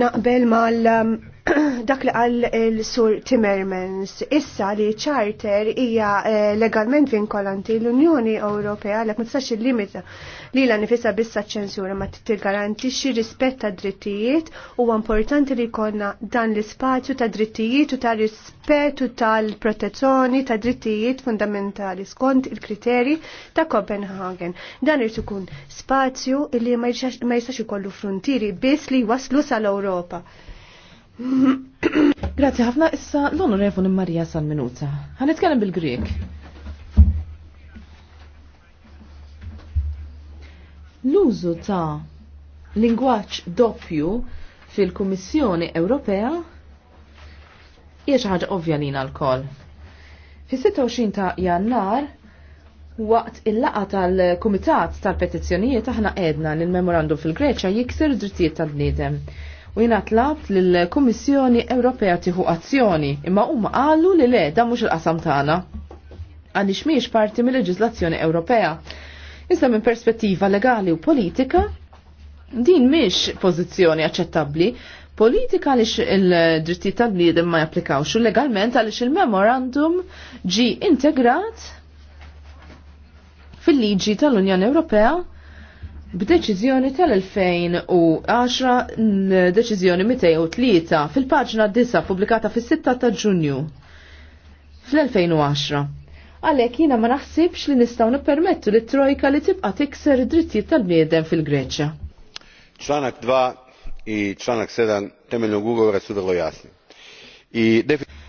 naqbel mal- um, *clears throat* dak li għal il sur Timmermans, issa li charter hija eh, legalment vinkolanti l-Unjoni Ewropea għalek ma tistax il-limita li la nifisa bissa ċensura ma t-garanti xi rispett ta' drittijiet u importanti li konna dan l-ispazju ta' drittijiet u ta' rispett u tal-protezzjoni ta' drittijiet fundamentali skont il-kriteri ta' Copenhagen. Dan irid ikun spazju li ma jistax ikollu frontieri biss li waslu sal-Ewropa. Grazzi ħafna issa l-onorevoli Marija San Minuta. Ħanitkellem bil-Grek. L-użu ta' lingwaċ doppju fil-Kummissjoni Ewropea hija xi ħaġa ovvja lina l-koll. Fis-26 ta' Jannar Waqt il-laqa tal-Kumitat tal-Petizzjonijiet aħna edna l memorandum fil-Greċja jikser drittijiet tal-bniedem u jina tlabt l-Komissjoni Ewropea tiħu azzjoni imma huma qalu li le da mhux il-qasam tagħna għaliex mhijiex parti mill leġislazzjoni Ewropea. Issa minn perspettiva legali u politika din mhix pożizzjoni aċċettabbli politika għaliex il-drittijiet tal-bniedem ma japplikawx u legalment għaliex il-memorandum ġi integrat fil-liġi tal-Unjoni Ewropea B'deċiżjoni tal-2010 deċiżjoni 203 fil-paġna 9 pubblikata fis-6 ta' Ġunju fl-2010. Għalhekk jiena ma naħsibx li nistgħu nippermettu li trojka li tibqa' tikser id-drittijiet tal-bniedem fil-Greċja. Članak 2 i članak 7 temeljnog ugovora su vrlo jasni.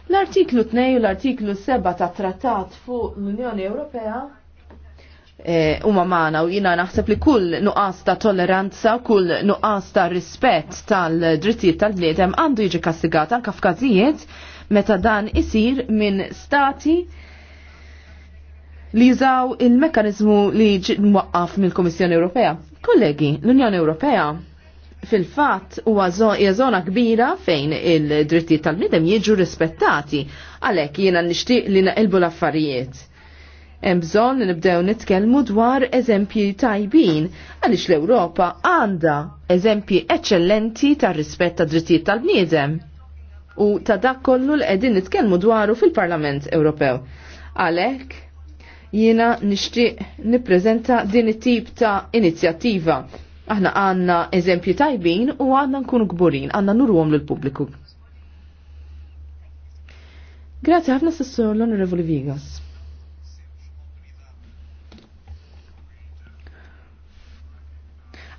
L-artiklu 2 u l-artiklu 7 ta' trattat fuq l-Unjoni Ewropea Eh, huma e, magħna u jiena naħseb li kull nuqas ta' tolleranza, kull nuqas ta' rispett tal-drittijiet tal-bniedem għandu jiġi kastigat anke f'każijiet meta dan isir minn stati li jżaw il-mekanizmu li ġi mwaqqaf mill-Kummissjoni Ewropea. Kollegi, l-Unjoni Ewropea fil-fat huwa zona kbira fejn il-drittijiet tal-bniedem jiġu rispettati għalhekk jiena nixtieq li naqilbu l-affarijiet Hemm bżonn li nibdew nitkellmu dwar eżempji tajbin għaliex l-Ewropa għandha eżempji eċċellenti tar-rispett ta' drittijiet tal-bniedem u ta' dak kollu li qegħdin nitkellmu dwaru fil-Parlament Ewropew. Għalhekk jiena nixtieq nippreżenta din it-tip ta' inizjattiva. Aħna għandna eżempji tajbin u għandna nkunu kburin, għandna nurwom lill-pubbliku. Grazie, ħafna s-sur l-Onorevoli Vigas.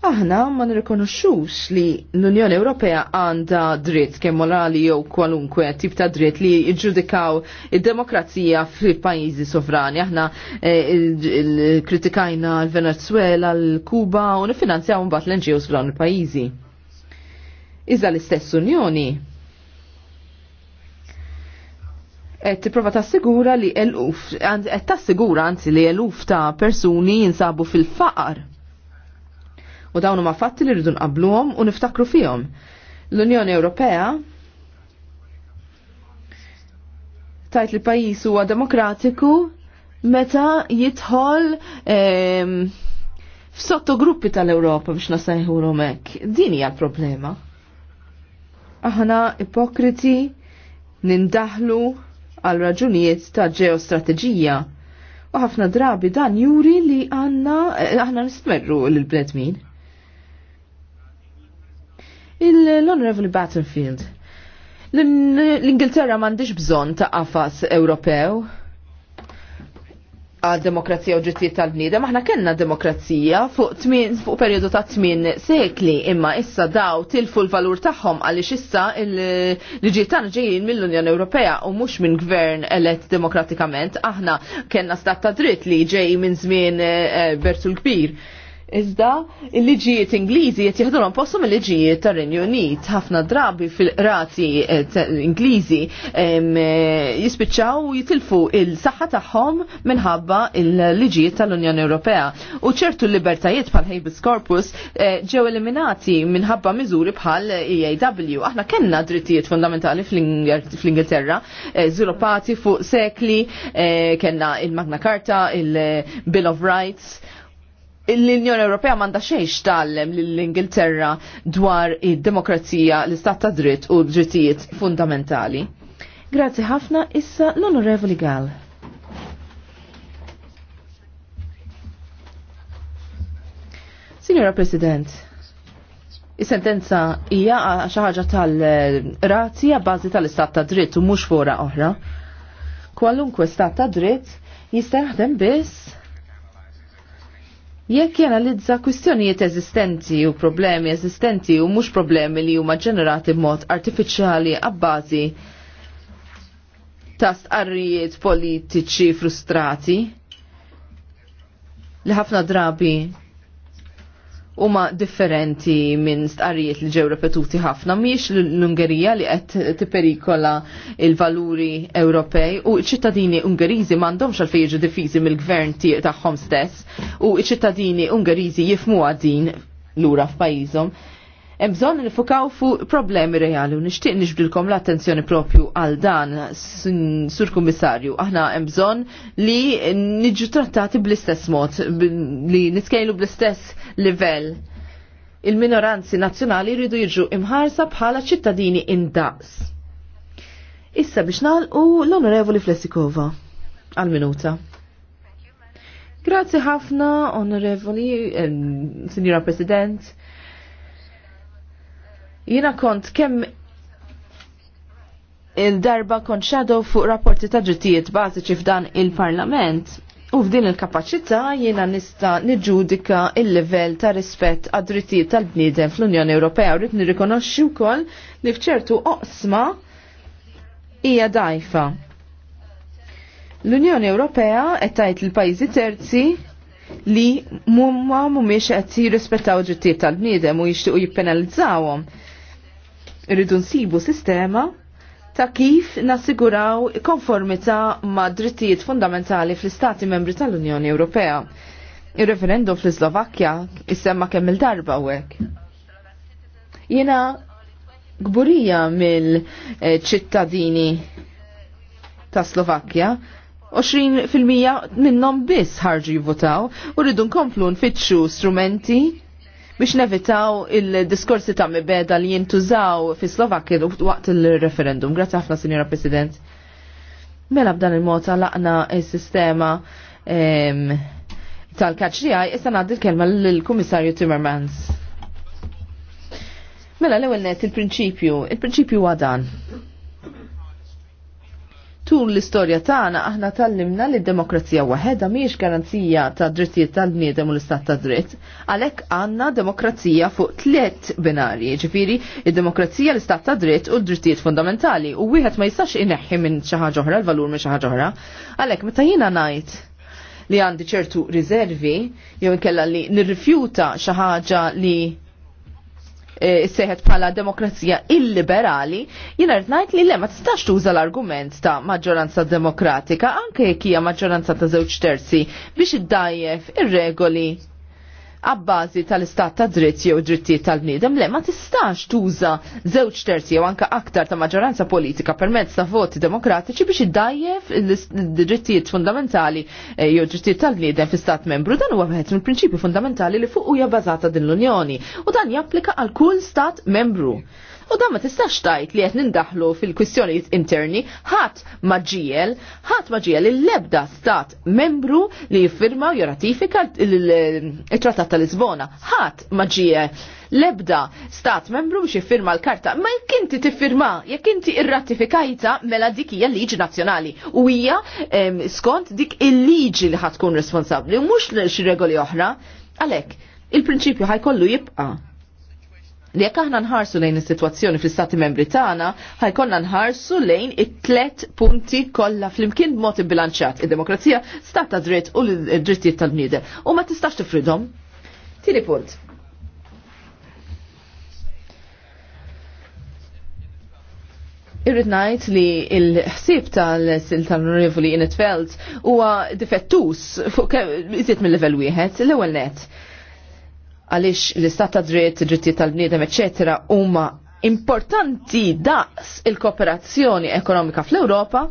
aħna ma nirrikonoxxux li l-Unjoni Ewropea għandha dritt kemm morali jew kwalunkwe tip ta' dritt li jiġġudikaw id-demokrazija fil-pajjiżi sovrani. Aħna eh, kritikajna l-Venezuela, l-Kuba u nifinanzjaw mbagħad l-NGOs f'dawn il-pajjiżi. Iżda l-istess Unjoni qed tipprova tassigura li eluf qed tassigura anzi li eluf ta' persuni jinsabu fil-faqar U dawn huma fatti li rridu nqabluhom u niftakru fihom. L-Unjoni Ewropea tajt li pajjiż huwa demokratiku meta jidħol ehm, f'sottogruppi tal-Ewropa biex nasajħulhom hekk. Din hija l-problema. Aħna ipokriti nindaħlu għal raġunijiet ta' ġeostrateġija. U ħafna drabi dan juri li għanna, eh, aħna nistmerru l bledmin l-Honorable Battlefield. L-Ingilterra mandiġ bżon ta' qafas Ewropew għal demokrazija u ġittijiet tal-bniedem, aħna kellna demokrazija fuq, tmin, fuq periodu ta' tmin sekli, imma issa daw tilfu l-valur tagħhom għaliex issa l ġittan ġejjin mill-Unjoni Ewropea u mhux minn gvern elett demokratikament, aħna kellna stat ta' dritt li ġej minn żmien eh, Bertul Kbir Iżda il-liġijiet Ingliżi qed jaħdulhom posthom il-liġijiet tar-Renju Unit ħafna drabi fil-rati eh, Ingliżi eh, jispiċċaw jitilfu il-saħħa tagħhom minħabba il-liġijiet tal-Unjoni Ewropea. U ċertu libertajiet bħal habeas corpus eh, ġew eliminati minħabba miżuri bħal EAW. Aħna kellna drittijiet fundamentali fl-Ingilterra, żviluppati fuq sekli, kellna il-Magna Carta, il-Bill of Rights l-Unjoni Ewropea m'għandha xejn xtallem lill ingilterra dwar id-demokrazija, l-istat ta' dritt u drittijiet fundamentali. Grazzi ħafna issa l-Onorevoli Gall. Signora President, Is-sentenza hija xi ħaġa tal-razzi bażi tal-istat ta' dritt u mhux fora oħra. Kwalunkwe stat ta' dritt jista' jaħdem biss Jekk jenalizza kwistjonijiet eżistenti u problemi eżistenti u mhux problemi li huma ġenerati b'mod artifiċjali ab'bażi ta' stqarrijiet politiċi frustrati, li ħafna drabi huma differenti minn stqarrijiet li ġew repetuti ħafna mhijiex l-Ungerija li qed tipperikola il-valuri Ewropej u ċ-ċittadini Ungeriżi m'għandhomx għalfejn jiġu diffiżi mill-gvern tagħhom stess u ċ-ċittadini Ungeriżi jifmu din lura f'pajjiżhom. Mżon bżonn nifukaw fuq problemi reali u nixtieq nixbdilkom l-attenzjoni propju għal dan, Sur Kummissarju. Aħna hemm bżonn li niġu trattati bl-istess mod, li niskejlu bl-istess livell. Il-minoranzi nazzjonali jridu jiġu imħarsa bħala ċittadini indaqs. Issa biex nagħlqu l-Onorevoli Flessikova għal minuta. Grazzi ħafna, Onorevoli, eh, Signora President Jina kont kemm il-darba kont xadu fuq rapporti ta' ġittijiet bażiċi f'dan il-Parlament. U f'din il-kapacità jiena nista' niġġudika il-livell ta' rispett għad drittijiet tal-bniedem fl-Unjoni Ewropea u rrid nirrikonoxxi wkoll li f'ċertu oqsma hija dajfa. L-Unjoni Ewropea qed tgħid il-pajjiżi terzi li mumma mhumiex qed jirrispettaw ġittijiet tal-bniedem u jixtiequ jippenalizzawhom. Irridu nsibu sistema ta' kif nassiguraw konformità ma' drittijiet fundamentali fl-Istati membri tal-Unjoni Ewropea. Il-referendum fl-Slovakkja jissemma kemm il-darba u hekk. Jiena gburija mill-ċittadini ta' Slovakkja 20% minnhom biss ħarġu jivvotaw u rridu nkomplu nfittxu strumenti biex nevitaw il-diskorsi ta' mibeda li jintużaw fi Slovakki waqt il-referendum. Grazie ħafna, Sinjora President. Mela b'dan il-mod laqna il-sistema tal-kaċ li għaj, issa naddi l-kelma l-Komissarju Timmermans. Mela l-ewel net il-prinċipju, il-prinċipju għadan tul l-istorja tagħna aħna tallimna li d-demokrazija waħedha mhijiex garanzija ta' drittijiet tal-bniedem u l-istat ta' dritt, għalhekk għandna demokrazija fuq tliet binarji, ġifieri id-demokrazija l-istat ta' dritt u d-drittijiet fundamentali u wieħed ma jistax ineħħi minn xi ħaġa oħra, l-valur minn xi ħaġa oħra. Għalhekk meta jiena ngħid li għandi ċertu riservi jew inkella li nirrifjuta xi ħaġa li Eh, seħet bħala demokrazija illiberali, jina rritnajt li le ma tistax tuża l-argument ta' maġġoranza demokratika anke jekk hija maġġoranza ta' żewġ terzi biex iddajjef ir-regoli għabbażi tal-istat ta' dritt jew drittijiet tal-bniedem le ma tistax tuża żewġ terzi jew anke aktar ta' maġġoranza politika permezz ta' voti demokratiċi biex iddajjef drittijiet fundamentali eh, jew drittijiet tal-bniedem fl-Istat membru dan huwa wieħed mill-prinċipji fundamentali li fuq huja bbażata din l-Unjoni u dan japplika għal kull stat membru. U dan ma tistax tajt li qed nindaħlu fil-kwistjonijiet interni ħadd ma ġiel, ħadd ma ġiel il-lebda stat membru li jiffirma u ratifika il-Trattat tal-Lisbona. Ħadd ma lebda stat membru biex jiffirma l-karta. Ma jekk inti tiffirma, jekk inti irratifikajta mela dik hija liġi nazzjonali u hija skont dik il-liġi li ħatkun responsabbli u mhux xi regoli oħra. Għalhekk, il-prinċipju ħajkollu jibqa' li jekk aħna nħarsu lejn is-sitwazzjoni fl-Istati Membri tagħna, ħajkonna nħarsu lejn it-tlet punti kollha flimkien b'mod ibbilanċjat id-demokrazija, stat ta' dritt u l-drittijiet tal-bniedem. U ma tistax tifridhom. Tieni punt. Irrid ngħid li l-ħsieb tal-sil tal-Onorevoli Inetfeld huwa difettus fuq iżjed mill-level wieħed, l-ewwel net għaliex l-istat ta' dritt, drittijiet tal-bniedem, eċetera, huma importanti daqs il-kooperazzjoni ekonomika fl-Ewropa,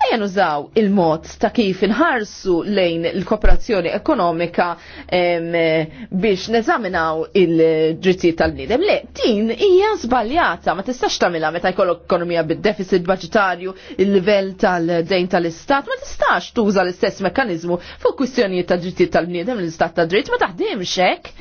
ejja nużaw il-mod ta' kif inħarsu lejn il-kooperazzjoni ekonomika biex neżaminaw il-drittijiet tal-bniedem. Le, din hija żbaljata, ma tistax tagħmilha meta jkollok ekonomija bid-deficit budgetarju, il-livell tal-dejn tal-istat, ma tistax tuża l-istess mekkaniżmu fuq kwistjonijiet tad drittijiet tal-bniedem l-istat tad dritt ma taħdimx hekk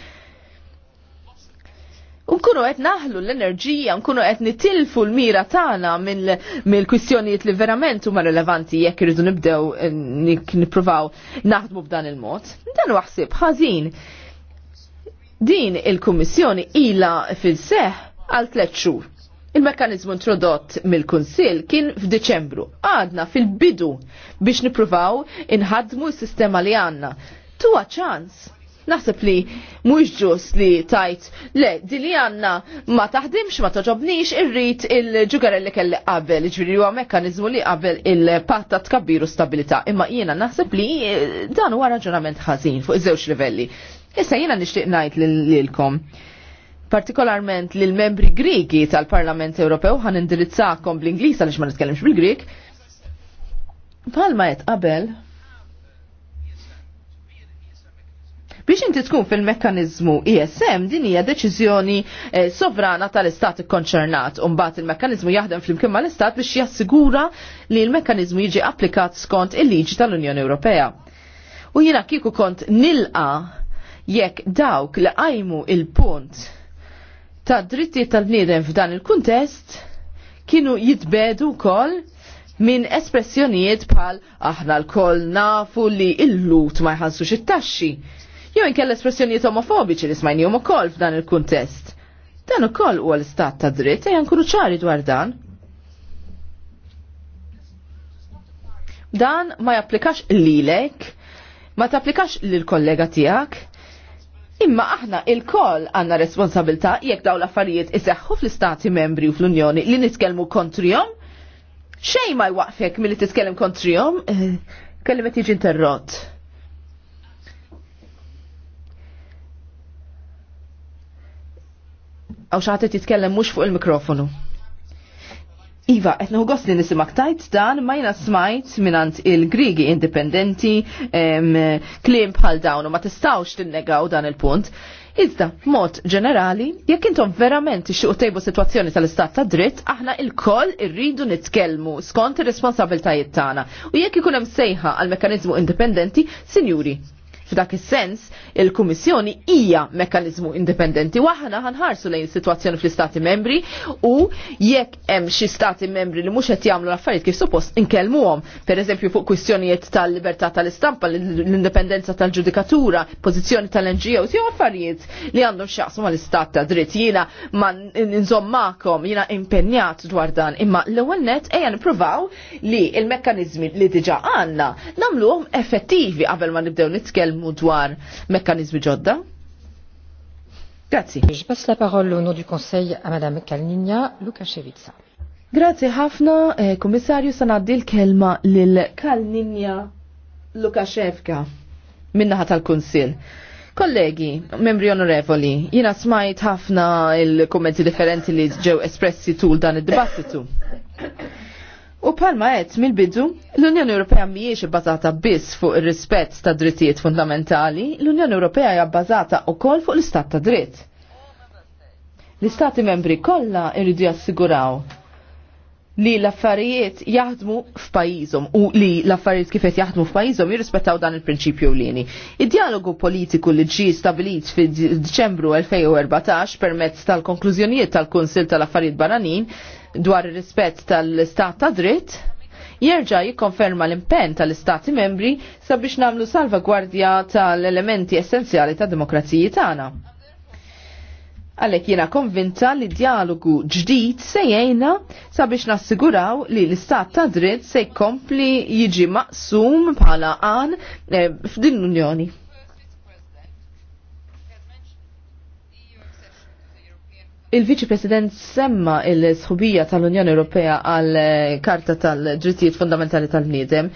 Unkunu qed naħlu l-enerġija, nkunu qed nitilfu l-mira tagħna mill-kwistjonijiet li verament huma rilevanti jekk irridu nibdew eh, nippruvaw naħdmu b'dan il-mod. Dan waħsib ħażin. Din il-Kummissjoni ila fil-seħ għal tliet xhur. Il-mekkanizmu introdott mill-Kunsill kien f'Diċembru. Għadna fil-bidu biex nippruvaw inħadmu s-sistema li għandna. Tuwa ċans Naħseb li mhux ġust li tajt le din li għandna ma taħdimx ma toġobnix irrid il ġugarelli li kelli qabel, iġri huwa mekkaniżmu li qabel il-patta tkabbiru stabilità, imma jiena naħseb li eh, dan huwa raġunament ħażin fuq iż-żewġ livelli. Issa jiena nixtieq ngħid lilkom partikolarment lil membri Grigi tal-Parlament Ewropew ħan indirizzakom bl-Ingliż għaliex ma nitkellimx bil-Grik. Palma qed qabel Biex inti tkun fil-mekkanizmu ISM e din hija deċiżjoni eh, sovrana tal-istat ikkonċernat u mbagħad il-mekkanizmu jaħdem flimkien mal-istat biex jassigura li l-mekkanizmu jiġi applikat skont il-liġi tal-Unjoni Ewropea. U jiena kieku kont nilqa jekk dawk li qajmu il-punt ta' dritti tal-bniedem f'dan il-kuntest kienu jitbedu kol minn espressjonijiet bħal aħna l-koll nafu li il-lut ma jħansux it-taxxi jew inkella espressjonijiet omofobiċi li smajnijom ukoll f'dan il-kuntest. Dan ukoll huwa l-istat ta' dritt ejja nkunu ċari dwar dan. Dan ma japplikax lilek, ma tapplikax lil kollega tiegħek, Imma aħna il-koll għanna responsabilta jekk daw l-affarijiet iseħħu fl-istati membri u fl-Unjoni li nitkellmu kontrijom? xej ma jwaqfek mill-li titkellem kontrihom, eh, kellimet jiġi interrott. għaw xaħti titkellem mux fuq il-mikrofonu. Iva, etnu għost li nisimak tajt dan ma jina smajt minant il-Grigi indipendenti klim bħal dawn u ma tistawx tinnegaw dan il-punt. Iżda, mod ġenerali, jekk intom verament ixtiqu tejbu situazzjoni tal-istat ta' dritt, aħna il-koll irridu nitkellmu skont ir-responsabiltajiet tagħna. U jekk ikun hemm sejħa għal mekkaniżmu indipendenti, sinjuri, F'dak is-sens, il-Kummissjoni hija mekkaniżmu indipendenti. Waħna ħanħarsu lejn is-sitwazzjoni fl-Istati membri u jekk hemm xi stati membri li mhux qed jagħmlu l-affarijiet kif suppost inkellmuhom, pereżempju fuq kwistjonijiet tal-libertà tal-istampa, l-indipendenza tal-ġudikatura, pożizzjoni tal-NGOs, jew affarijiet li għandhom x'jaqsmu mal-istat ta' dritt. Jiena ma nżommakom, jiena impenjat dwar dan, imma l-ewwel net ejja nippruvaw li l-mekkaniżmi li diġà għandna nagħmluhom effettivi qabel ma nibdew nitkellmu nitkellmu dwar mekkanizmi ġodda? Grazzi. Je passe la parole au nom du Conseil à Madame Kalnina Lukashevitsa. Grazzi ħafna, eh, Kummissarju, sanaddi l-kelma lil Kalninja Lukashevka minnaħa tal-Kunsil. Kollegi, membri onorevoli, jina smajt ħafna il-kommenti differenti li ġew espressi tul dan id-dibattitu. U palma għedt mill-bidu, l-Unjoni Ewropea mhijiex bazata biss fuq ir-rispett ta' drittijiet fundamentali, l-Unjoni Ewropea hija bbażata wkoll fuq l-istat ta' dritt. L-istati membri kollha jridu jassiguraw li l-affarijiet jaħdmu f'pajjiżhom u li l-affarijiet kif qed jaħdmu f'pajjiżhom jirrispettaw dan il-prinċipju lini. Id-dialogu politiku li ġie stabilit fi diċembru 2014 permezz tal-konklużjonijiet tal-Kunsil tal-Affarijiet Baranin dwar ir-rispett tal-Istat ta' dritt jerġa' jikkonferma l-impenn tal-Istati membri sabiex nagħmlu salvagwardja tal-elementi essenzjali tad-demokrazija tagħna. Għalek jena konvinta li dialogu ġdid sejjena sabiex nassiguraw li l-istat ta' dritt se jkompli jiġi maqsum bħala għan eh, f'din l-Unjoni. Il-Viċi President semma il-sħubija tal-Unjoni Ewropea għal eh, Karta tal-Drittijiet Fundamentali tal-Bniedem.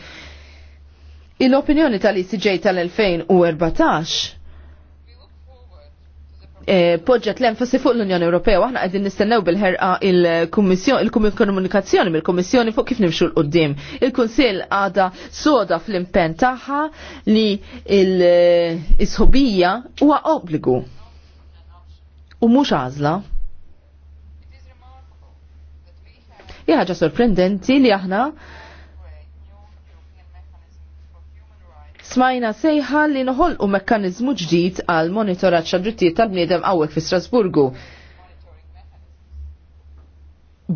Il-opinjoni tal-ICJ tal-2014 Eh, poġġet l-enfasi fuq l-Unjoni Ewropea u aħna qegħdin nistennew bil-ħerqa il-Kummissjoni il-Komunikazzjoni mill-Kummissjoni fuq kif nimxu l qudiem Il-Kunsill għada soda fl-impenn tagħha li l-isħobija huwa obbligu u mhux għażla. Hija ħaġa sorprendenti li aħna smajna sejħa li noħolqu mekkanizmu ġdid għal monitoraġġ drittijiet tal-bniedem għawek fi Strasburgu.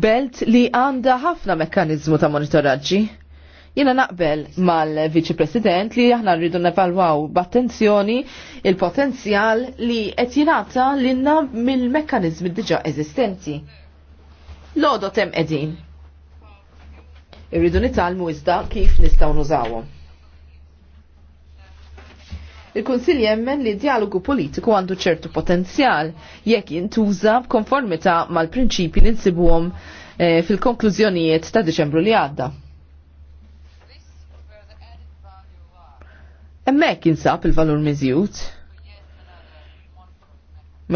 Belt li għanda ħafna mekkanizmu ta' monitoraġġi. Jena naqbel mal-Viċi President li aħna rridu nevalwaw b'attenzjoni il-potenzjal li qed jingħata lilna mill-mekkaniżmi diġà eżistenti. Lodo hemm qegħdin. Irridu nitalmu iżda kif nistgħu nużawhom. Il-Kunsilj jemmen li dialogu politiku għandu ċertu potenzjal jekk jintuża b'konformità mal-prinċipi li nsibuhom eh, fil-konklużjonijiet ta' Diċembru li għadda. Emmek jinsab il-valur miżjut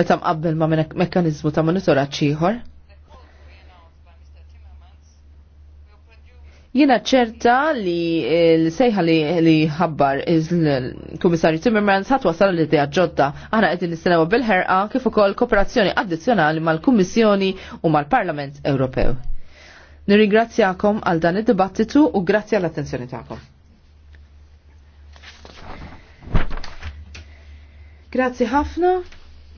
meta mqabbel ma' mekanizmu ta' monitoraġġ ieħor Jina ċerta li l-sejħa li ħabbar il-Kummissarju Timmermans ħat wasal l-idea ġodda. Aħna qed nistennew bil-ħerqa kif ukoll kooperazzjoni addizzjonali mal-Kummissjoni u mal-Parlament Ewropew. Nirringrazzjakom għal dan id-dibattitu u grazzi għall attenzjoni tagħkom. Grazzi ħafna.